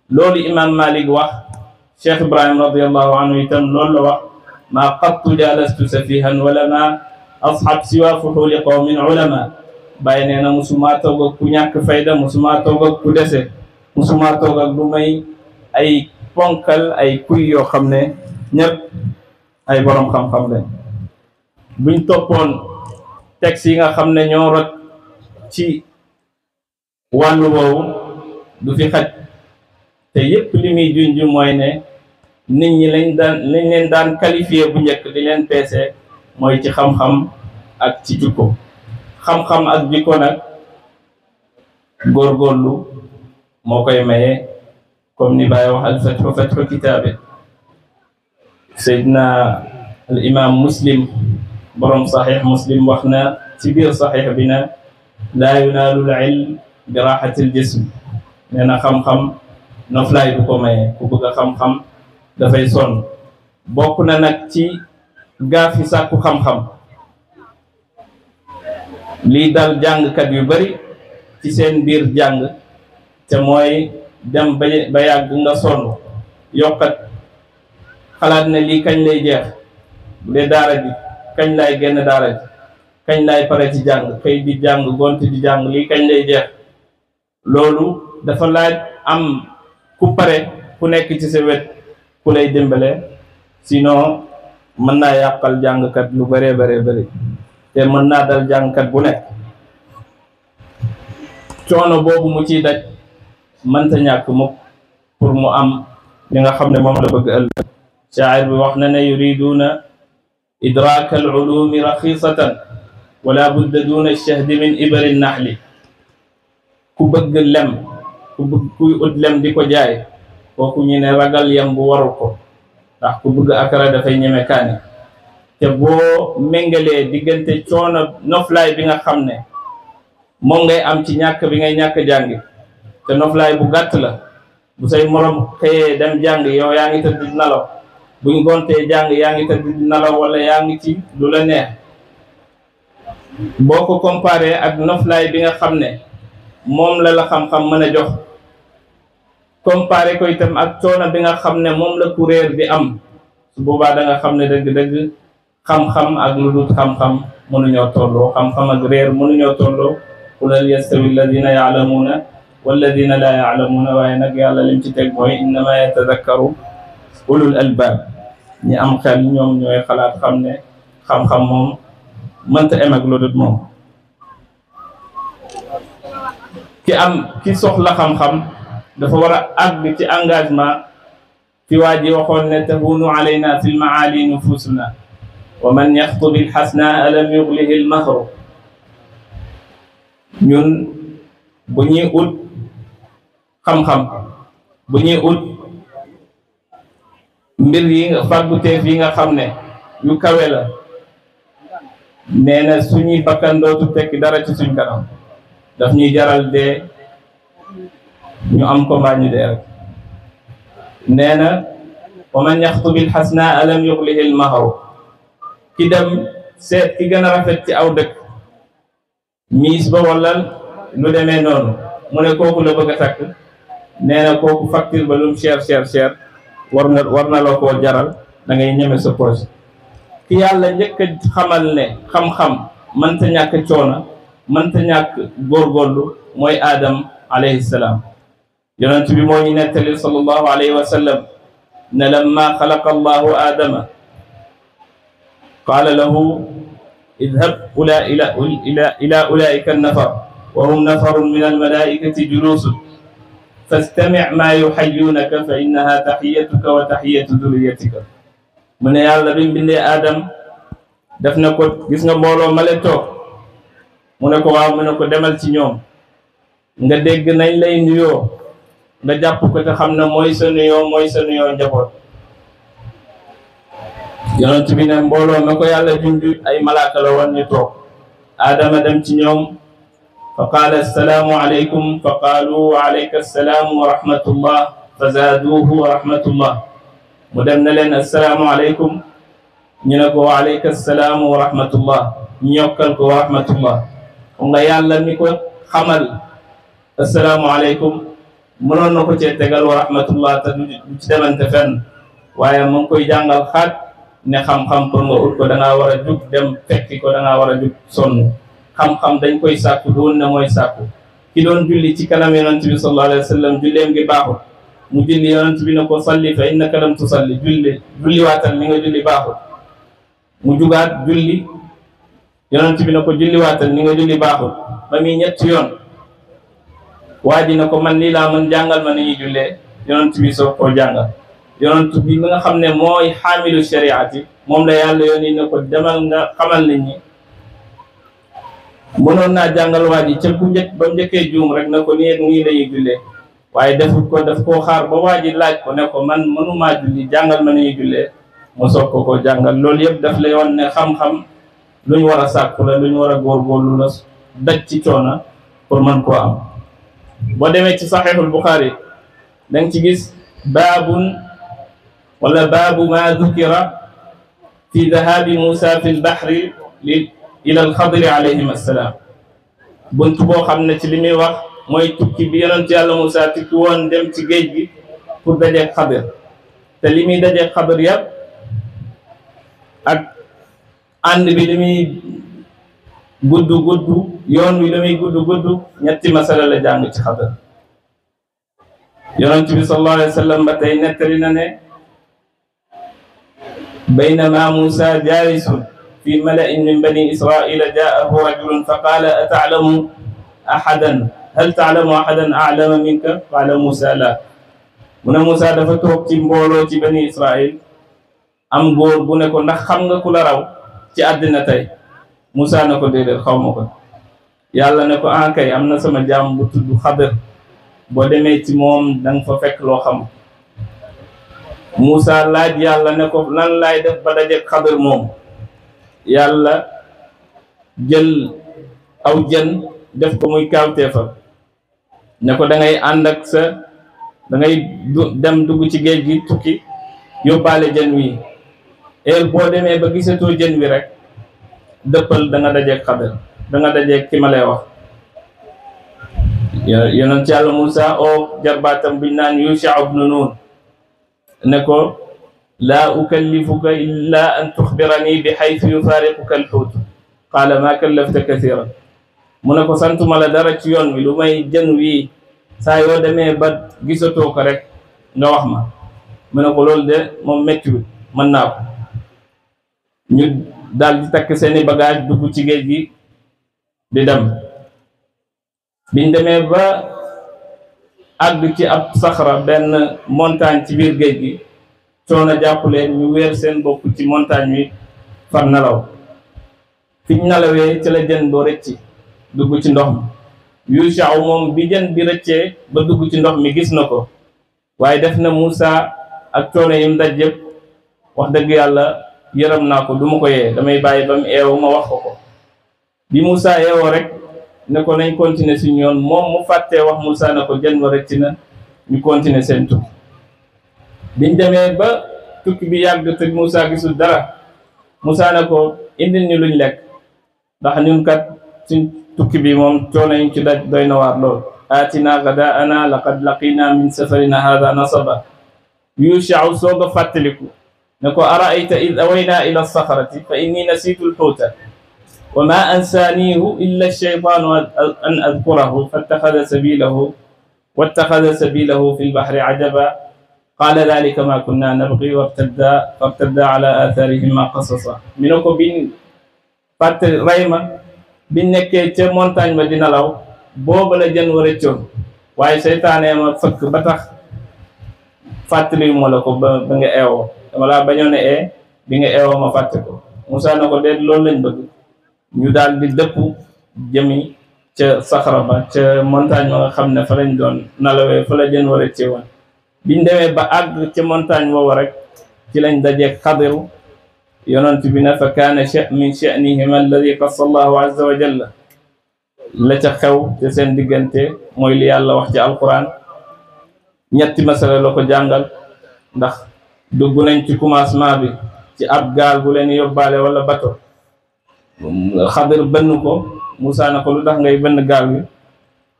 loolu imam malik wax cheikh ibrahim radiallahu anhu itam loolu la wax maa qattu jalastu safihan wala ma ashab siwa fuxuli qawmin ulama bàyyi nee na musumaa toog ak ku ñàkk fayda musumaa toog ak ku dese musumaa toog ak lu may ay ponkal ay kuy yoo xam ne ñëpp ay borom xam-xam lañ buñ toppoon texte yi nga xam ne ñoo rot ci wàllu woowu du fi xaj te yépp li muy junj nit ñi lañ daan leen daan qualifié bu njëkk li leen peese mooy ci xam-xam ak ci jikko xam-xam ak jikko nag góorgóorlu moo koy maye comme ni Baye wax al fatxu fatxu kitaabe seydna al imam muslim borom saxiix muslim wax na ci biir saxiix bi na laa yunaalu al ilm bi raxatil jism nee xam-xam noflaay du ko maye ku bëgg xam-xam dafay sonn bokk na nag ci gaaf yi sàkku xam-xam lii dal jàngkat yu bari ci seen biir jàng te mooy dem ba yàgg nga sonn yokkat xalaat na lii kañ lay jeex de dee daara ji kañ lay génn daara ji kañ lay pare ci jàng xëy di jàng gont di jàng lii kañ lay jeex loolu dafa laaj am ku pare ku nekk ci sa wet ku lay dimbale sinon mën naa yàqal jàngkat lu bëree bëree bëri te mën naa dal jàngkat bu nekk coono boobu mu ciy daj mënta ñàkk mukk pour mu am li nga xam ne moom la bëgg ëllëg shaa'ir bi wax na ne yuriduna idraka al ulumi raxisatan wala budda duna shahdi min ibari naxli ku bëgg lem ku bëgg lem di ko jaay kooku ñu ne ragal yam bu waru ko ndax ku bëgg akara dafay ñeme kaani te boo méngalee diggante coono noflaay bi nga xam ne moom ngay am ci ñàkk bi ngay ñàkk jàngi te noflaay bu gàtt la bu say morom xëyee dem jàng yow yaa ngi tëdd di nalaw yaa ngi tëdd di yaa ngi ci lu la boo ko comparé ak noflaay bi nga xam ne moom la la xam-xam mën a jox comparé koy itam ak coono bi nga xam ne moom la kuréel bi am su boobaa da nga xam ne dëgg-dëgg xam-xam ak lu dul xam-xam mënuñoo tolloo xam-xam ak réer mënuñoo tolloo qul hal yastawi alladina yaalamuuna walladina laa yaalamuuna waaye nag yàlla lim ci teg mooy innama yatadakkaru ulul albaab ñi am xel ñoom ñooy xalaat xam ne xam-xam moom mënta em ak lu dul moom ki am ki soxla xam-xam dafa war a àgg ci engagement fi waa ji waxoon ne tahunu alayna fi lmaali nufusuna wa man yaxtu bilxasna alam yuglihi lmaxru ñun bu ñuy ut xam-xam bu ñuy ut mbir yi nga fàgguteef yi nga xam ne ñu kawe la nee na suñuy bakkan dootu tekki dara ci suñ kanam daf ñuy jaral dee ñu am combat ñu dee rek nee na wa man yaxtu bil xasna alam yuxlihil maxaw ki dem seet ki gën rafet ci aw dëkk miis ba wala lu demee noonu mu ne kooku la bëgg a takk nee na kooku facture ba lum cher cher cher war na war la koo jaral dangay ngay ñeme sa projet ki yàlla njëkk xamal ne xam-xam mënta ñàkk coona mënta ñàkk góorgóorlu mooy aadam alayhi salaam yonent bi moo ñu nettalil sallallahu alayhi wa sallam ne lamma xalaqa allahu aadama qaala lahu idhab ula ila ila ulaika annafar wa hum nafarun min almalaikati julusun fastamic maa yuxayyuunaka fa innaha taxiyatuka wa taxiyatu duriyatika mu ne yàlla bi mu bindee aadam def na ko gis nga mbooloo male toog mu ne ko waaw mu ne ko demal ci ñoom nga dégg nañ lay nuyoo nga jàpp ko te xam ne mooy sa nuyoo mooy sa nuyoo njaboot yonent bi ne mbooloo ma ko yàlla junj ay malaaka la woon ñu toog aadama dem ci ñoom fa qaala assalaamu aleykum fa qaalu wa aleyka assalaamu wa rahmatullah fa zaaduuhu wa rahmatullah mu dem na leen assalaamu aleykum ñu ne ko wa aleyka assalaamu wa rahmatullah ñu yokkal ko wa rahmatullah nga yàlla mi ko xamal assalaamu aleykum mënoon na ko cee tegal wa rahmatullah te du ci demante fenn waaye mu koy jàngal xaat ne xam-xam pour nga ut ko dangaa war a jug dem fekki ko danga war a jug sonn xam-xam dañ koy sàkku doon ne mooy sàkku ki doon julli ci kanam yonent bi sallallahu alayhi wa sallam julleem gi baaxul mu julli yonent bi ne ko salli fa innaka lam tusalli julli julli waatal li nga julli baaxul mu jugaat julli yonent bi na ko julli waatal li nga julli baaxul ba muy ñetti yoon waa ji na ko man nii laa mën jàngal ma ni ñuy jullee yonent bi soo koo jàngal yonent bi nga xam ne mooy xaamilu shariati moom la yàlla yónni ne ko demal nga xamal nit ñi mënoon naa jàngal waa ji ca ku njëkk ba njëkkee juum rek na ko nii nii la ñuy jullee waaye defut ko daf koo xaar ba waa ji laaj ko ne ko man mënumaa julli jàngal ma ni ñuy jullee mu soog ko koo jàngal loolu yëpp daf lay wan ne xam-xam lu ñu war a sàkku la lu ñu war a góorgóorlu la daj ci coona pour mën boo demee ci saxiixul buxaari da nga ci gis baabun wala baabu ma dukira fi dahabi Muusa fi lbaxri li ila alxadiri alayhim assalaam bunt boo xam ne ci li muy wax mooy tukki bi yonent yàlla Muusa tukki dem ci géej gi pour dajeeg xadir te li muy dajeeg bi li gudd gudd yoon wi la muy gudd gudd ñetti masala la jàng ci xadar yonent bi sallallahu alayhi wa sallam ba tey nettali na ne baynama Musa jaalisun fi mala'in min bani israila ja'ahu rajulun fa qaala ata'lamu ahadan hal ta'lamu ahadan a'lama minka qaala Musa la mu ne Musa dafa toog ci mbooloo ci bani israil am góor bu ko ndax xam nga kula raw ci àddina tey musa ne ko déedéet xaw ma ko yàlla ne ko ankay ah, am na sama jaam bu tudd Xadir boo demee ci moom danga fa fekk loo xam Moussa laaj yàlla ne ko lan laay def ba dajeeg Xadir moom yàlla jël aw jën def ko muy kawtee fa ne ko dangay ngay ànd ak sa dangay ngay dem dugg ci géej gi tukki yóbbaale jën wi eel boo demee ba gisatoo jën wi rek dëppal da nga dajeeg xadar da nga dajeeg ki ma lay wax yonent yàlla Moussa o jarbaatam biñ naan Yusha ibnu Nun ne ko laa ukallifuka illa an tuxbirani bi xaytu yufaariquka alxuut qaala maa kallafta kathiran mu ne ko santuma la dara ci yoon wi lu may jën wii saa yoo demee ba gisatoo ko rek nga wax ma mu ne ko de moom méttiwul mën naa daal di takk seeni bagage dugg ci géej gi di dem biñ demee ba àgg ci ab saxara benn montagne ci biir géej gi coono jàppuleen ñu weer seen bopp ci montagne wi far nelaw fiñ nalawee ci la jën boo rëcc dugg ci ndox mi Yuusa moom bi jën bi rëccee ba dugg ci ndox mi gis na ko waaye def na Muusa ak coono yim daj yëpp wax dëgg yàlla yërëm naa ko du ma ko yee damay bàyyi ba mu eewu ma wax ko ko bi Moussa eewoo rek ne ko nañ continuer si yoon moom mu fàttee wax Moussa ne ko jën rek rëcc na ñu continuer seen tukki biñ demee ba tukki bi yàgg te Moussa gisul dara Moussa ne ko indil ñu luñ lekk ndax ñun kat suñ tukki bi moom coono ñu ci daj doy na waar lool aatina gadaana laqad laqina min safarina hada nasaba yusha'u soog a fàttaliku ne ko araayta id awaynaa ila saxarati fa inni nasitu lxuuta wa ma ansaaniihu illa shaytaanu an adkurahu fattaxada sabilahu wattaxada sabilahu fi lbaxri ajaba qaala dalika ma kunna nabgi wartadda fartadda ala athaarihima qasasa mi ne ko biñ fàtte rey ma biñ nekkee ca montagne ba dina law booba la jën war a cóon waaye seytaanee ma fëkk ba tax fàttali ma la ko ba ba nga eewoo dama laa ne ee bi nga eewoo ma fàtte ko Moussa na ko déet loolu lañ bëgg ñu daal di dëpp jëmi ca saxara ba ca montagne ba nga xam ne fa lañ doon nalawee fa la jën war a ci woon biñ demee ba àgg ca montagne woowa rek ci lañ dajee xadiru yonent bi ne fa kaana cha min chanihim alladi qassa allahu azza wa jalla la ca xew ca seen diggante mooy li yàlla wax ci alquran ñetti masala la ko jàngal ndax dugg nañ ci commencement bi ci ab gaal bu leen yóbbaale wala bato xadar benn ko Moussa ne ko lu tax ngay bënn gaal bi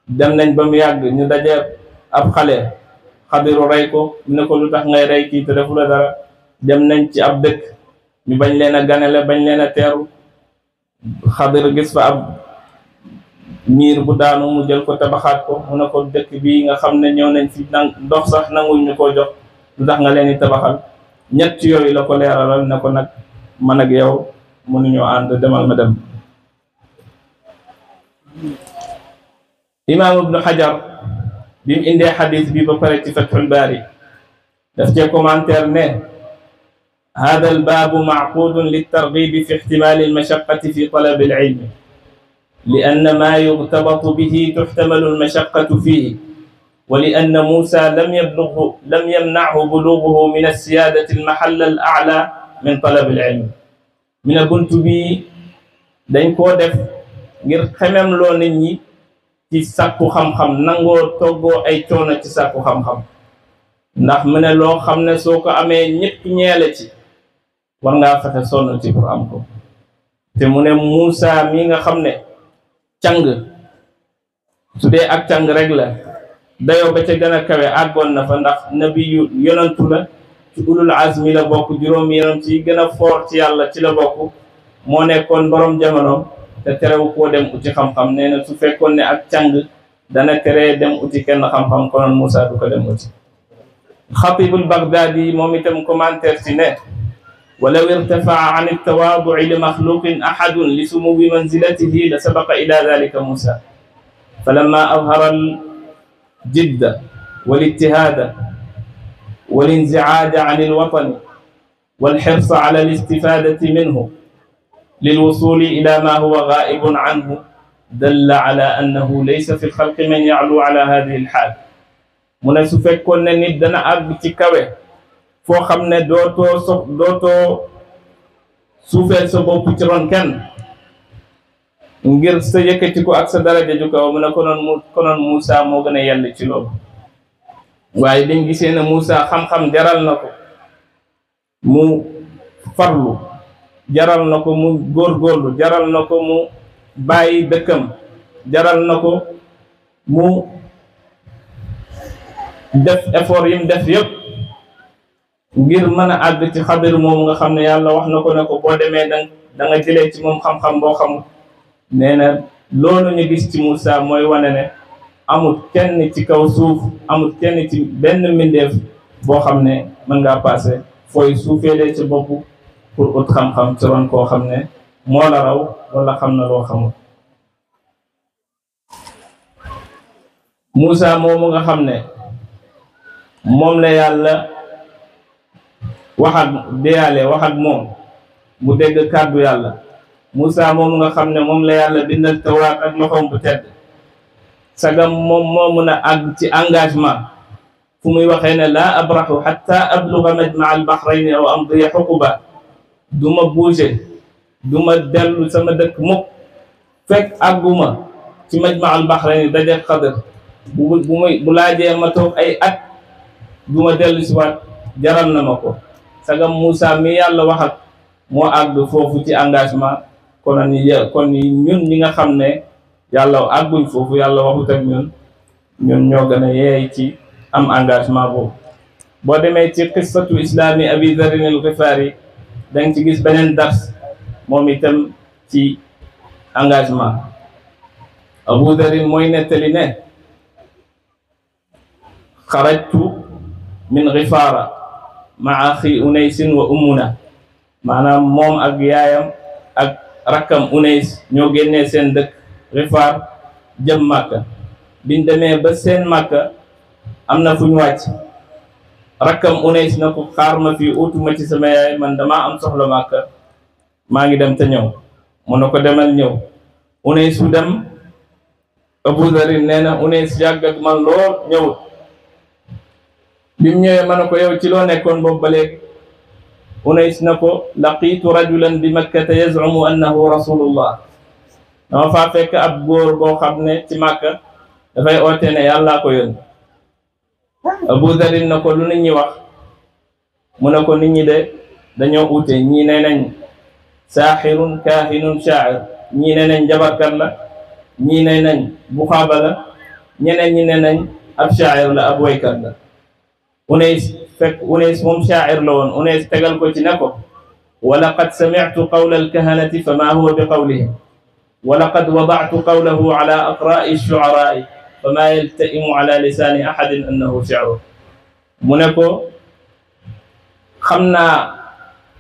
dem nañ ba mu yàgg ñu daje ab xale xadiru rey ko mu ko lu tax ngay rey kii te la dara dem nañ ci ab dëkk ñu bañ leen a ganale bañ leen a teeru xadir gis fa ab miir bu daanu mu jël ko tabaxaat ko mu ne ko dëkk bi nga xam ne ñëw nañ fi nang ndox sax nanguñ ñu ko jox lu tax nga leen di tabaxal ñett yooyu la ko leeralal ne ko nag man ak yow mënuñoo ànd demal ma dem imaam ibnu xajar bi mu indee xadis bi ba pare ci fathul baari daf cee commentaire ne hada albaabu macquudun liltargibi fi ixtimaali almashaqati fi talabi alcilmi li anna maa yugtabatu bihi tuxtamalu almashaqatu fihi ولأن موسى لم يبلغه لم يمنعه بلوغه من السيادة المحل الأعلى من طلب العلم mi ne bunt bi dañ koo def ngir xemem loo nit ñi ci sàkku xam-xam nangoo toggoo ay coono ci sàkku xam-xam ndax mu ne loo xam ne soo ko amee ñëpp ñeele ci war ngaa fexe sonn ci pour am ko te mu ne muusa mi nga xam ne càng su dee ak càng rek la dayoo ba ca gën a kawe àggoon na fa ndax nabiyu yonantu la ci ulul azmi la bokk juróom yonant yi gën a fort ci yàlla ci la bokk moo nekkoon borom jamono tere terewu koo dem uti xam-xam nee na su fekkoon ne ak càng dana tere dem uti kenn xam-xam konoon Moussa du ko dem uti xatibul bagdaadi moom itam commentaire ci ne walaw irtafaa an altawaaduci li maxluqin axadun li sumuwi manzilatihi la sabaqa ila dalika Moussa falamma azhara جد والاجتهاد والانزعاج عن الوطن والحرص على الاستفادة منه للوصول إلى ما هو غائب عنه dalla ala annahu laysa fi lxalqi man yaalu ala hadihi lxaal mu ne su fekkoon ne nit dana àgg ci kawe foo xam ne dootoo so dootoo suufeel sa bopp ci ron kenn ngir sa yëkkati ko ak sa daraja ju kaw mu ne konoon mu konoon moo gën a yell ci loolu waaye biñ gisee ne Moussa xam-xam jaral na ko mu farlu jaral na ko mu góorgóorlu jaral na ko mu bàyyi dëkkam jaral na ko mu def effort yim def yëpp ngir mën a àgg ci xadir moom nga xam ne yàlla wax na ko ne ko boo demee da da nga ci moom xam-xam boo xamul nee na loolu ñu gis ci Moussa mooy wane ne amul kenn ci kaw suuf amul kenn ci benn mbindeef boo xam ne mën nga paase fooy suufeelee ci bopp pour ut xam-xam ci koo xam ne moo la raw walla xam na loo xamul Moussa moomu nga xam ne moom la yàlla wax ak deyaale wax ak moom mu dégg kàddu yàlla Moussa moomu nga xam ne moom la yàlla bindal tawaat ak loxoom bu tedd sagam moom moo mun a àgg ci engagement fu muy waxee ne laa abraxu xatta abluga majmaa al baxrayni aw amdiya xuquba du ma bouger du ma dellu sama dëkk mukk fekk àgguma ci majmaa al baxrayni daje xadar bu bu bu laajee ma toog ay at du dellu si waat jaral na ma ko sagam Moussa mi yàlla wax ak moo àgg foofu ci engagement kon kon ñun ñi nga xam ne yàlla àgguñ foofu yàlla waxut ak ñun ñun ñoo gën a yeey ci am engagement boobu boo demee ci qissatu islaami abi darin al xifaari danga ci gis beneen dars moom itam ci engagement abu darin mooy nettali ne xarajtu min xifaara maa axi unaysin wa ummuna maanaam moom ak yaayam rakkam unays ñoo génnee seen dëkk rifaar jëm màkka biñ demee ba seen màkka am na fu ñu wàcc rakkam unays na ko xaar ma fii utuma ci sama yaay man damaa am soxla màkka maa ngi dem te ñëw mun na ko demal ñëw unays su dem abu zarin nee na unays yàgg ak man lool ñëwut bi mu ñëwee ma ne ko yow ci loo nekkoon boobu ba léeg Unays na ko laqiitu rajulan bi makkata yazumu annahu rasulullah dama faa fekk ab góor boo xam ne ci màkka dafay oote ne yàllaa ko yónni Abu Darin na ko lu nit ñi wax mu ne ko nit ñi de dañoo uute ñii ne nañ saaxirun kaahinun shaa'ir ñii ne nañ jabarkat la ñii ne nañ buxaaba la ñeneen ñi ne nañ ab shaa'ir la ab waykat la fekk unees moom shaacir la woon unees tegal ko ci ne ko wa laqad samictu qawla alkahanati fa ma huwa bi qawlihim wa laqad wadactu qawlahu ala aqra'i shucaraa'i fa ma yaltaimu ala lisaani axadin annahu shicru mu ne ko xam naa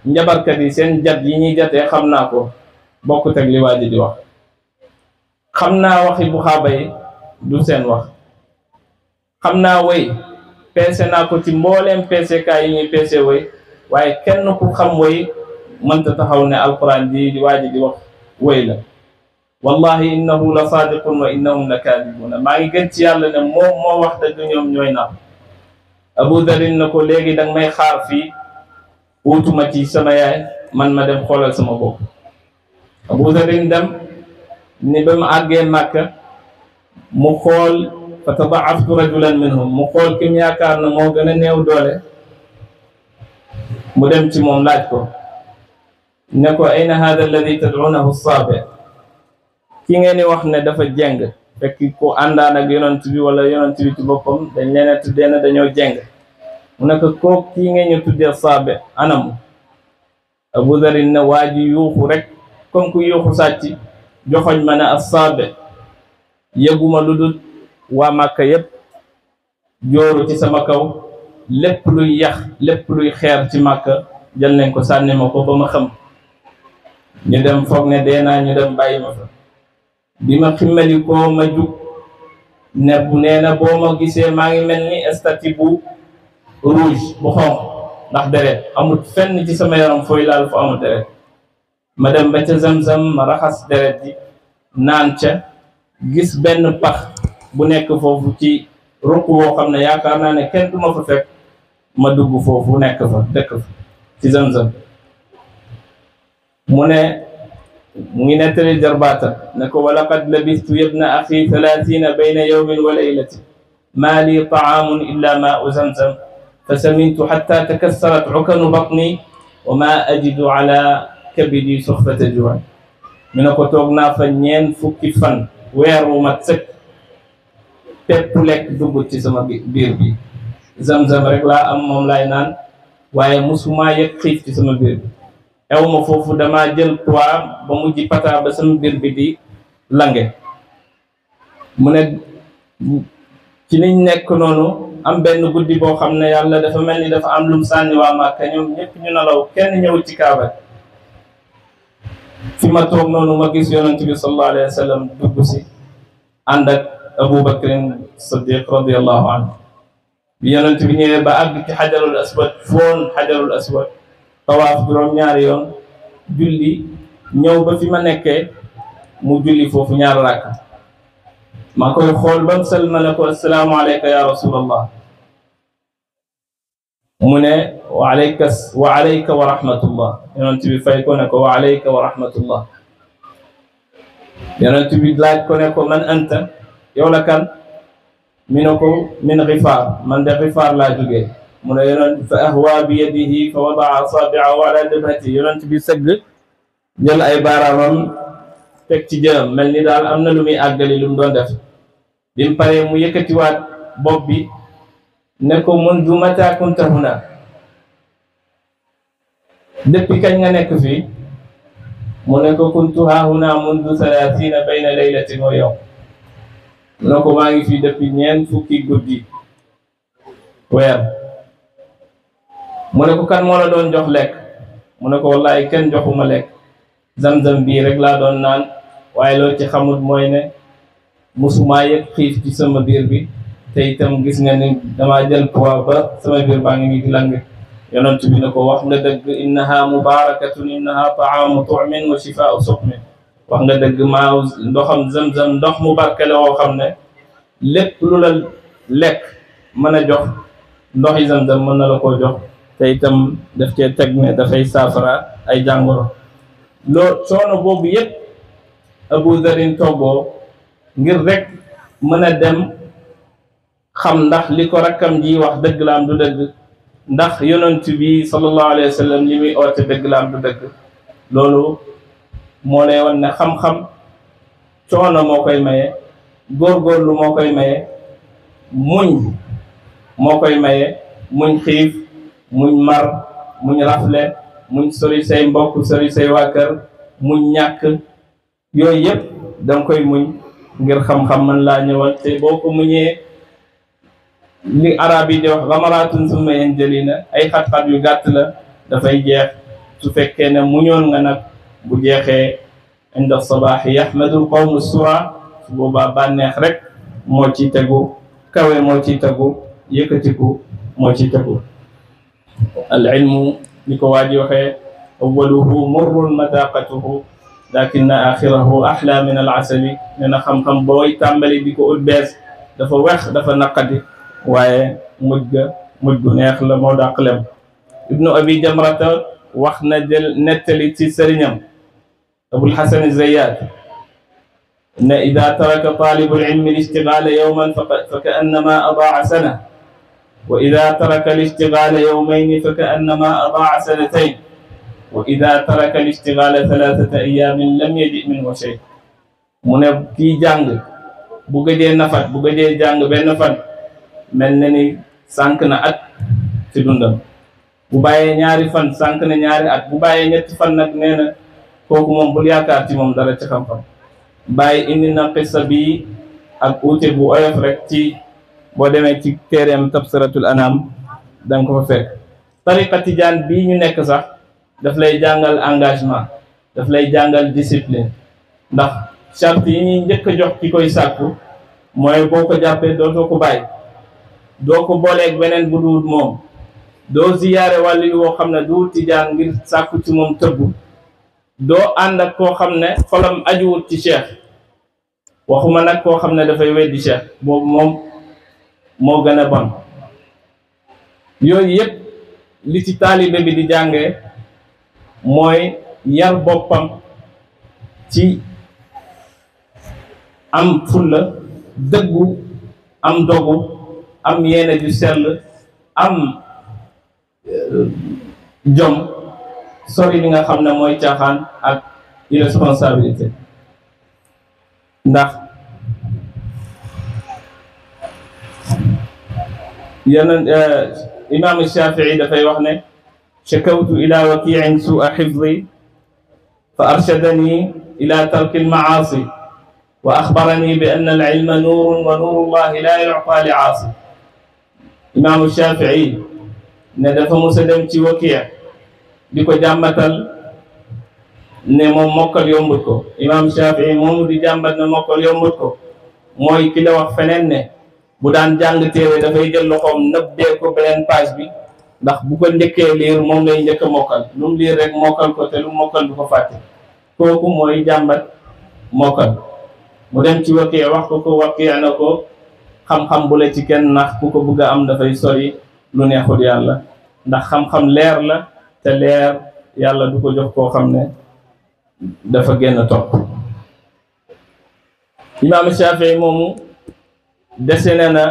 njabarkat yi seen jat yi ñuy jatee xam naa ko bokk teg li waa ji di wax xam naa waxi bu xaaba yi du seen wax xam naa way peese naa ko ci mbooleem peesekaay yi ñuy peese woy waaye kenn ku xam woy mënta taxaw ne alquran di waa ji di wax woy la wallahi innahu la sadiqun wa innahum la kadibuna maa ngi gën ci yàlla ne moom moo wax dëgg ñoom ñooy naam abu darin na ko léegi danga may xaar fii wutuma ci sama yaay man ma dem xoolal sama bopp abu fa tabaaftu rajulan minhum mu xool kim yaakaar na moo gën a néew doole mu dem ci moom laaj ko ne ko ayna hada alladi tadcuunahu saabe ki ngeen di wax ne dafa jeng fekk ku àndaan ak yonent bi wala yonent bi ci boppam dañ leen a tuddee na dañoo jeng mu ne ko kooku ngeen ñu tuddee saabe anamu abu ne waa ji yuuxu rek comme ku yuuxu sàcc joxoñ ma ne a saabe yëguma lu dul waa màkka yépp jooru ci sama kaw lépp luy yax lépp luy xeer ci màkka jël nañ ko sànni ma ko ba ma xam ñu dem foog ne dee naa ñu dem bàyyi ma fa bi ma ximmali koo ma jug ne nee na boo ma gisee maa ngi mel ni statue bu rouge bu xonq ndax deret amul fenn ci sama yaram fooy laal fu amul deret ma dem ba ca zam-zam ma raxas deret ji naan ca gis benn pax bu nekk foofu ci ruq boo xam ne yaakaar naa ne kenn du ma fa fekk ma dugg foofu nekk fa dëkk fa ci Zamzam mu ne mu ngi nettali jarbaata ne ko wa laqad labistu yabna axi thalathina bayna yawmin wa laylatin ma li taamun illa maau zamzam fa samintu xatta takassarat ukanu batni wa ma ajidu ala kabidi soxfata juwa mi ne ko toog naa fa ñeen fukki fan weer wu mat sëkk pepp lekk dugg ci sama biir bi zam-zam rek laa am moom laay naan waaye musuma yëg xiif ci sama biir bi ew foofu dama jël poids ba mujj pata ba sama biir bi di lange mu ne ci niñ nekk noonu am benn guddi boo xam ne yàlla dafa mel ni dafa am lum sànni waa Màkka ñoom ñëpp ñu nelaw kenn ñëw ci kaaba fi ma toog noonu ma gis yonent bi sallallahu alayhi wa dugg si ànd ak abu bakrin siddiq radiallahu anhu bi yonent bi ñëwee ba àgg ci aswad foon xajarul aswad tawaaf ñaari yoon julli ñëw ba fi ma nekkee mu julli foofu ñaar rakk maa koy xool ba mu salma ne ko assalaamu aleyka mu ne wa aleyka wa aleyka wa rahmatullah yonent bi fay ko ne bi yow la kan mi ne ko min xifaar man de xifaar laa jógee mu ne yonent fa ahwa bi yadihi fa wadaa asaabiahu ala dimati yonent bi sëgg jël ay baaraamam teg ci jëm mel ni daal am na lu muy àggali lu mu doon def bi mu paree mu yëkkatiwaat bopp mundu mata kunta huna depuis kañ nga nekk fi mu ne ko kuntu ha mundu salaasina bayna laylatin wa mu ne ko maa ngi fii depuis ñeent fukki guddi weer mu ne ko kan moo la doon jox lekk mu ne ko wallaay kenn joxuma lekk zam-zam bii rek laa doon naan waaye loolu ci xamut mooy ne musumaa yëg xiif ci sama biir bi te itam gis nga ni damaa jël poids ba sama biir baa ngi ngi lang yonent bi ne ko wax nga dëgg innaha mubarakatun innaha taamu tumin wa shifaau suqmin wax nga dëgg maaw ndoxam zam-zam ndox mu barkele woo xam ne lépp lu la lekk mën a jox ndox yi zam mën na la ko jox te itam daf cee teg ne dafay saafara ay jàngoro loo coono boobu yépp abu darin toggoo ngir rek mën a dem xam ndax li ko rakkam ji wax dëgg laam du dëgg ndax yonent bi sallallahu alayhi wa sallam li muy oote dëgg laam du dëgg loolu moo lay wan ne xam-xam coono moo koy maye góorgóorlu moo koy maye muñ moo koy maye muñ xiif muñ mar muñ rafle muñ sori say mbokk sori say waa kër muñ ñàkk yooyu yëpp danga koy muñ ngir xam-xam man laa ñëwal te boo ko muñee li arab yi di wax gamaratun summa yanjalina ay xat-xat yu gàtt la dafay jeex su fekkee ne muñoon nga nag bu jeexee inda sabaaxi yaxmadul qawmu sura su boobaa bànneex rek moo ci tegu kawe moo ci tegu yëkkatiku moo ci tegu al ilmu ni ko waaji waxee awaluhu murrun madaqatuhu lakinna axirahu axla min al asali nee na xam-xam booy tàmbali di ko ut bees dafa weex dafa naqadi waaye mujj ga mujj gu neex la moo dàq lem ibnu abi jamrata wax na jël nettali ci sëriñam abul xasan zayaat ne ida taraka taalibul ilmi listigaala yowman fa ka annama adaa sana wa ida taraka listigaala yowmayni fa ka annama adaa sanatayn wa ida taraka listigaala talaatata ayaamin lam yaji minhu shay mu ne kii jàng bu gëjee nafat bu gëjee jàng benn fan mel na ni sànq na at ci dundam bu bàyyee ñaari fan sànq na ñaari at bu bàyyee ñetti fan nag nee na kooku moom bul yaakaar ci moom dara ci xam-xam bàyyi indi na xissa bi ak uute bu oyof rek ci boo demee ci téereem tabsaratul anam da nga ko fa fekk tariqa tijaan bii ñu nekk sax daf lay jàngal engagement daf lay jàngal discipline ndax charte yi ñuy njëkk jox ki koy sàkku mooy boo ko jàppee doo ko bàyyi doo ko booleeg beneen bu duut moom doo ziyaare wàllu yi woo xam ne duut tijaan ngir sàkku ci moom tëbb doo ànd ak koo xam ne xolam ajuwut ci cheikh waxuma nag koo xam ne dafay weddi cheikh boobu moom moo gën a bon yooyu yëpp li ci taalibe bi di jàngee mooy yar boppam ci am fulla dëggu am dogu am yéene ju sell am euh, jom sori li nga xam ne mooy caaxaan ak irresponsabilité ndax yeneen eh, imaamu Shafii dafay wax ne shakawtu ila wakiin suua xifdi fa arshadani ila tarki almacaasi wa axbarani bi anna alcilma nuurun wa nuuru llahi la yuctaa li caasi imaamu Shafii ne dafa musa dem ci wakiya di ko jàmbatal ne moom mokkal yombut ko imaam Shafii moomu di jàmbat ne mokkal yombut ko mooy ki la wax feneen ne bu daan jàng téere dafay jël loxoom nëbbee ko beneen page bi ndax bu ko njëkkee liir moom lay njëkk a mokkal lu mu liir rek mokkal ko te lu mokkal du ko fàtte kooku mooy jàmbat mokkal mu dem ci waqi wax ko ko waqi na ko xam-xam bu la ci kenn nax ku ko bëgg am dafay sori lu neexul yàlla ndax xam-xam leer la te leer yàlla du ko jox koo xam ne dafa génn topp imaamu Shafii moomu desene na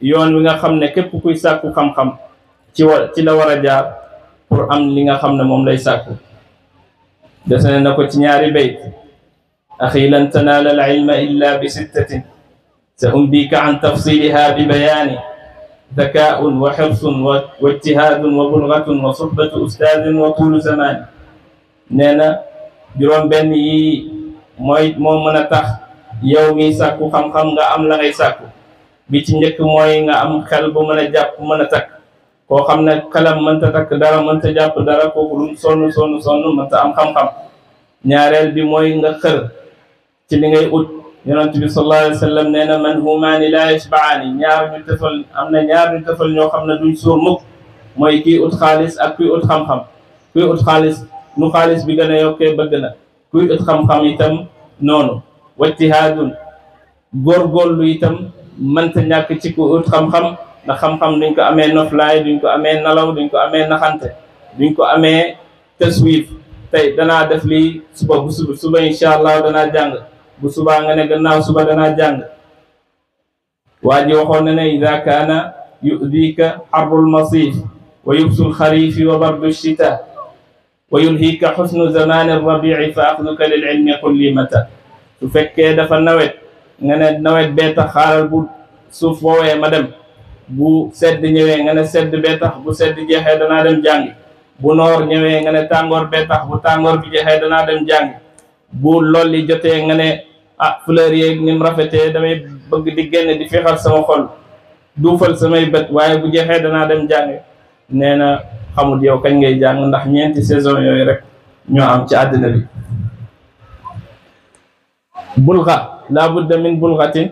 yoon wi nga xam ne képp kuy sàkku xam-xam ci ci la war a jaar pour am li nga xam ne moom lay sàkku desene na ko ci ñaari bayt axi lan tanaala al ilma illa bi sittatin sa umbika an tafsiliha bi bayaani ذكاء وحرص واجتهاد وبلغة وصحبة أستاذ وطول زمان nee na juróom benn yi mooy moo mën a tax yow ngi sàkku xam-xam nga am la ngay sàkku bi ci njëkk mooy nga am xel bu mën a jàpp mën a takk koo xam ne xelam ta takk dara mënta jàpp dara kooku lu sonn sonn sonn mënta am xam-xam ñaareel bi mooy nga xër ci li ngay ut yonent bi sallallahu alayhi wa sallam nee na man humaani laa yashbaani ñaar ñu am na ñaar ñu tëfal ñoo xam ne duñ suur mukk mooy kii ut xaalis ak kuy ut xam-xam kuy ut xaalis nu xaalis bi gën a yokkee bëgg na kuy ut xam-xam itam noonu wajtihaadun góorgóorlu itam mënta ñàkk ci ku ut xam-xam ndax xam-xam duñ ko amee noflaay duñ ko amee nalaw duñ ko amee naxante duñ ko amee taswiif tey danaa def lii suba bu suba incha allah danaa jàng bu subaa nga ne gannaaw suba dana jàng waa ji waxoon na ne ida kaana yudika xarrul masif wa yubsul xarifi wa bardu shita wa yulhika xusnu zamani rabii fa axduka lil ilmi qul li mata fekkee dafa nawet nga ne nawet bee xaaral bu suuf ma dem bu sedd ñëwee nga ne sedd bee bu sedd jeexee danaa dem jàng bu noor ñëwee nga ne tàngoor beta tax bu tàngoor bi jeexee danaa dem jàng bu lool yi jotee nga ne ah fleur yee ni mu rafetee damay bëgg di génn di fexal sama xol duufal samay bët waaye bu jeexee danaa dem jàng nee na xamut yow kañ ngay jàng ndax ñeenti saison yooyu rek ñoo am ci àddina bi bulga laa budda min bulgatin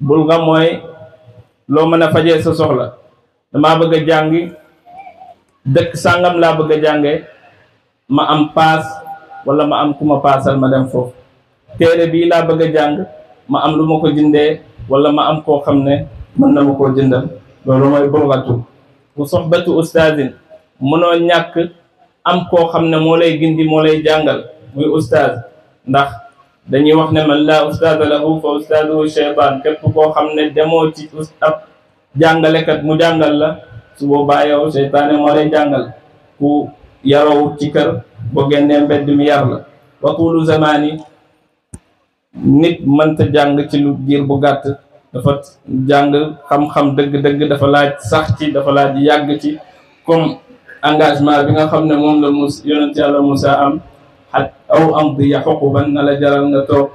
bulga mooy loo mën a fajee sa soxla damaa bëgg a jàngi dëkk sàngam laa bëgg a jànge ma am paas wala ma am ku ma paasal ma dem foofu téere bii laa bëgg jàng ma am lu ma ko jëndee wala ma am koo xam ne mën na ma koo jëndal loolu mooy buxatu bu soxbatu ustaazin mënoo ñàkk am koo xam ne moo lay gindi moo lay jàngal muy ustaaz ndax dañuy wax ne man laa ustaaza lahu fa ustaazuhu sheytaan képp koo xam ne demoo ci ab jàngalekat mu jàngal la su boobaa yow moo lay jàngal ku yaroo ci kër boo génnee mbedd mi yar la waqulu zamani nit mënta jàng ci lu diir bu gàtt dafa jàng xam-xam dëgg-dëgg dafa laaj sax ci dafa laaj yàgg ci comme engagement bi nga xam ne moom la mus yonent yàlla Moussa am xat aw am di yaxuqu ban na la jaral nga toog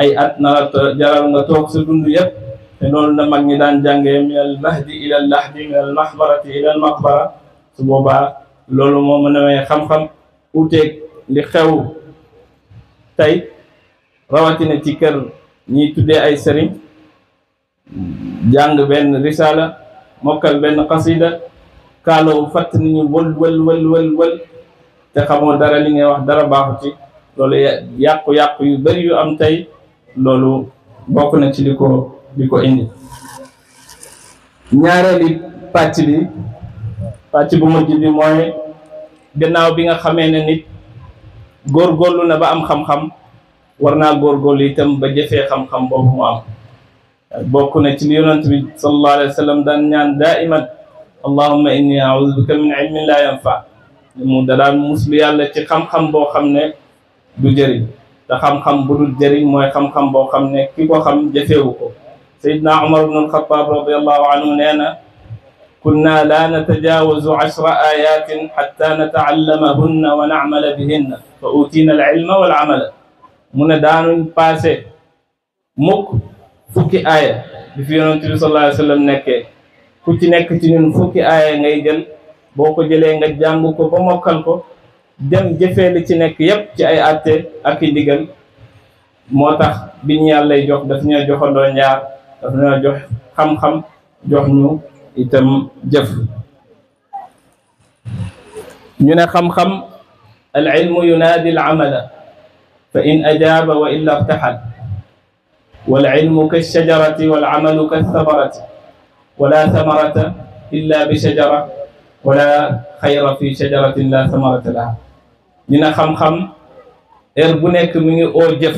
ay at na la jaral nga toog sa dund yëpp te noonu na mag ñi daan jàngee min al mahdi ila al lahdi min al mahbarati su boobaa loolu moo mën a may xam-xam uteeg li xew tey rawatina ci kër ñi tuddee ay sëriñ jàng benn risaala mokkal benn xasida kaalawu fatt ni ñu wël wël wël wël te xamoo dara li ngay wax dara baaxu ci loolu yàqu-yàqu yu bari yu am tey loolu bokk na ci li ko indi ñaareeli pàcc bi pàcc bu mujj bi mooy gannaaw bi nga xamee ne nit góorgóorlu na ba am xam-xam war naa góorgóorlu itam ba jëfee xam-xam boobu mu am bokk na ci li yonent bi sallallahu alayhi wa sallam daan inni a'udhu bika min ilmin la yanfa mu dadaan muslu yàlla ci xam-xam boo xam ne du jëriñ te xam-xam bu dul jëriñ mooy xam-xam boo xam ne ki ko xam jëfeewu ko Seydina Umar ibn al-Khattab radiyallahu anhu nee na كنا لا نتجاوز عشر آيات حتى نتعلمهن ونعمل بهن فأوتينا العلم والعمل mu ne daanuñ passé mukk fukki aaya bi fi yonent bi sallallahu alayhi wa sallam nekkee ku ci nekk ci ñun fukki aaya ngay jël boo ko jëlee nga jàng ko ba mokkal ko dem jëfee li ci nekk yépp ci ay atte ak i ndigal moo tax bi ñu yàllay jox daf ñoo joxandoo ñaar daf ñoo jox xam-xam jox ñu itam jëf ñu ne xam-xam al ilmu yunaadi al amala fa in ajaaba wa illa irtaxal wal ilmu ka shajarati wal amalu ka samarati wala samarata illa bi shajara wala xayra fi shajaratin la samarata laha ñu ne xam-xam heure bu nekk mi ngi oo jëf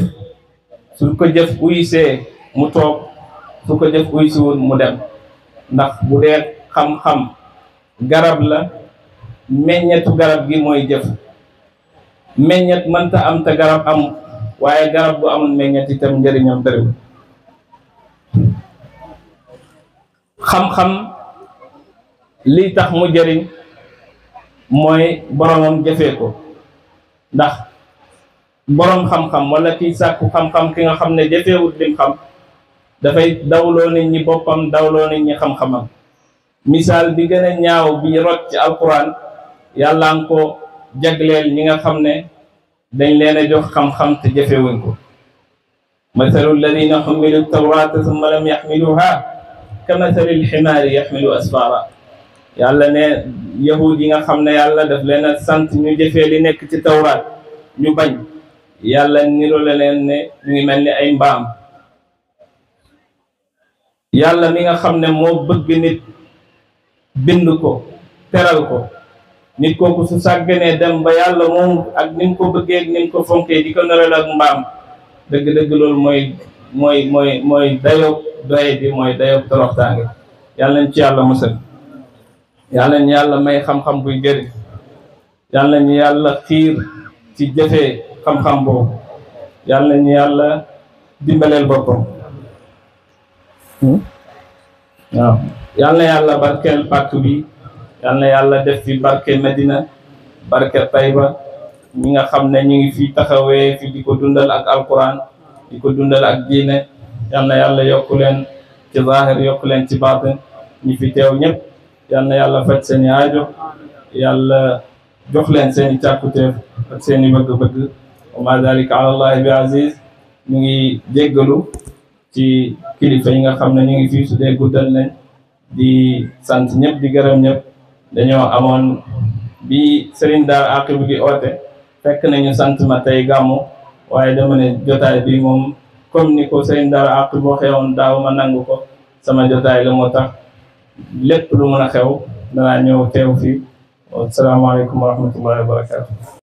su ko jëf uysee mu toog su ko jëf uysiwul mu dem ndax bu dee xam-xam garab la meññetu garab gi mooy jëf meññet mënta am te garab amul waaye garab bu amul meññet itam njëriñam bëriwul xam-xam lii tax mu jariñ mooy boromam jëfee ko ndax borom xam-xam wala kiy sàkku xam-xam ki nga xam ne jëfeewut lim xam dafay dawloo nit ñi boppam dawloo nit ñi xam-xamam misaal bi gën a ñaaw bi rot ci alquran yàlla nga ko jagleel ñi nga xam ne dañ leen a jox xam-xam te jëfewuñ ko mathalu alladina xamilu tawrata summa lam yaxmiluha ka mathali lximaari yaxmilu asfara yàlla ne yahud yi nga xam ne yàlla daf leen sant ñu jëfee li nekk ci tawraat ñu bañ yàlla niro la leen ne ñu ngi mel ni ay mbaam yàlla mi nga xam ne moo bëgg nit bind ko teral ko nit kooku su sàgganee dem ba yàlla moom ak ni mu ko bëggee ak ni mu ko fonkee di ko naral ak mbaam dëgg-dëgg loolu mooy mooy mooy mooy doye bi mooy dayob toroxtaange yàlla nañ ci yàlla musal yàlla nañ yàlla may xam-xam buy jëriñ yàlla yàlla xiir ci jëfee xam-xam boobu yàlla nañ yàlla dimbaleel boppam Hmm? waaw yal na yàlla barkeel bakk bi yal na yàlla def fi barke Medina barke Tayba ñi nga xam ne ñu ngi fi taxawee fi di ko dundal ak alquran di ko dundal ak diine yal na yàlla yokku leen ci zahir yokku leen ci baatin ñi fi teew ñëpp yal na yàlla faj seen i aajo yàlla jox leen seen i càkkuteef ak seen i bëgg-bëgg wa ma dalika ala allahi bi aziz ñu ngi jéggalu ci kilifa yi nga xam ne ñu ngi fii sudee guddal nañ di sant ñëpp di gërëm ñëpp dañoo amoon bi Serigne Daara Aqibou di oote fekk nañu sant ma tey gàmmu waaye dama ne jotaay bi moom comme ni ko Serigne Daara Aqibou waxee woon daaw ma nangu ko sama jotaay la moo tax lépp lu mën a xew danaa ñëw teew fii asalaamaaleykum wa rahmatullahi wa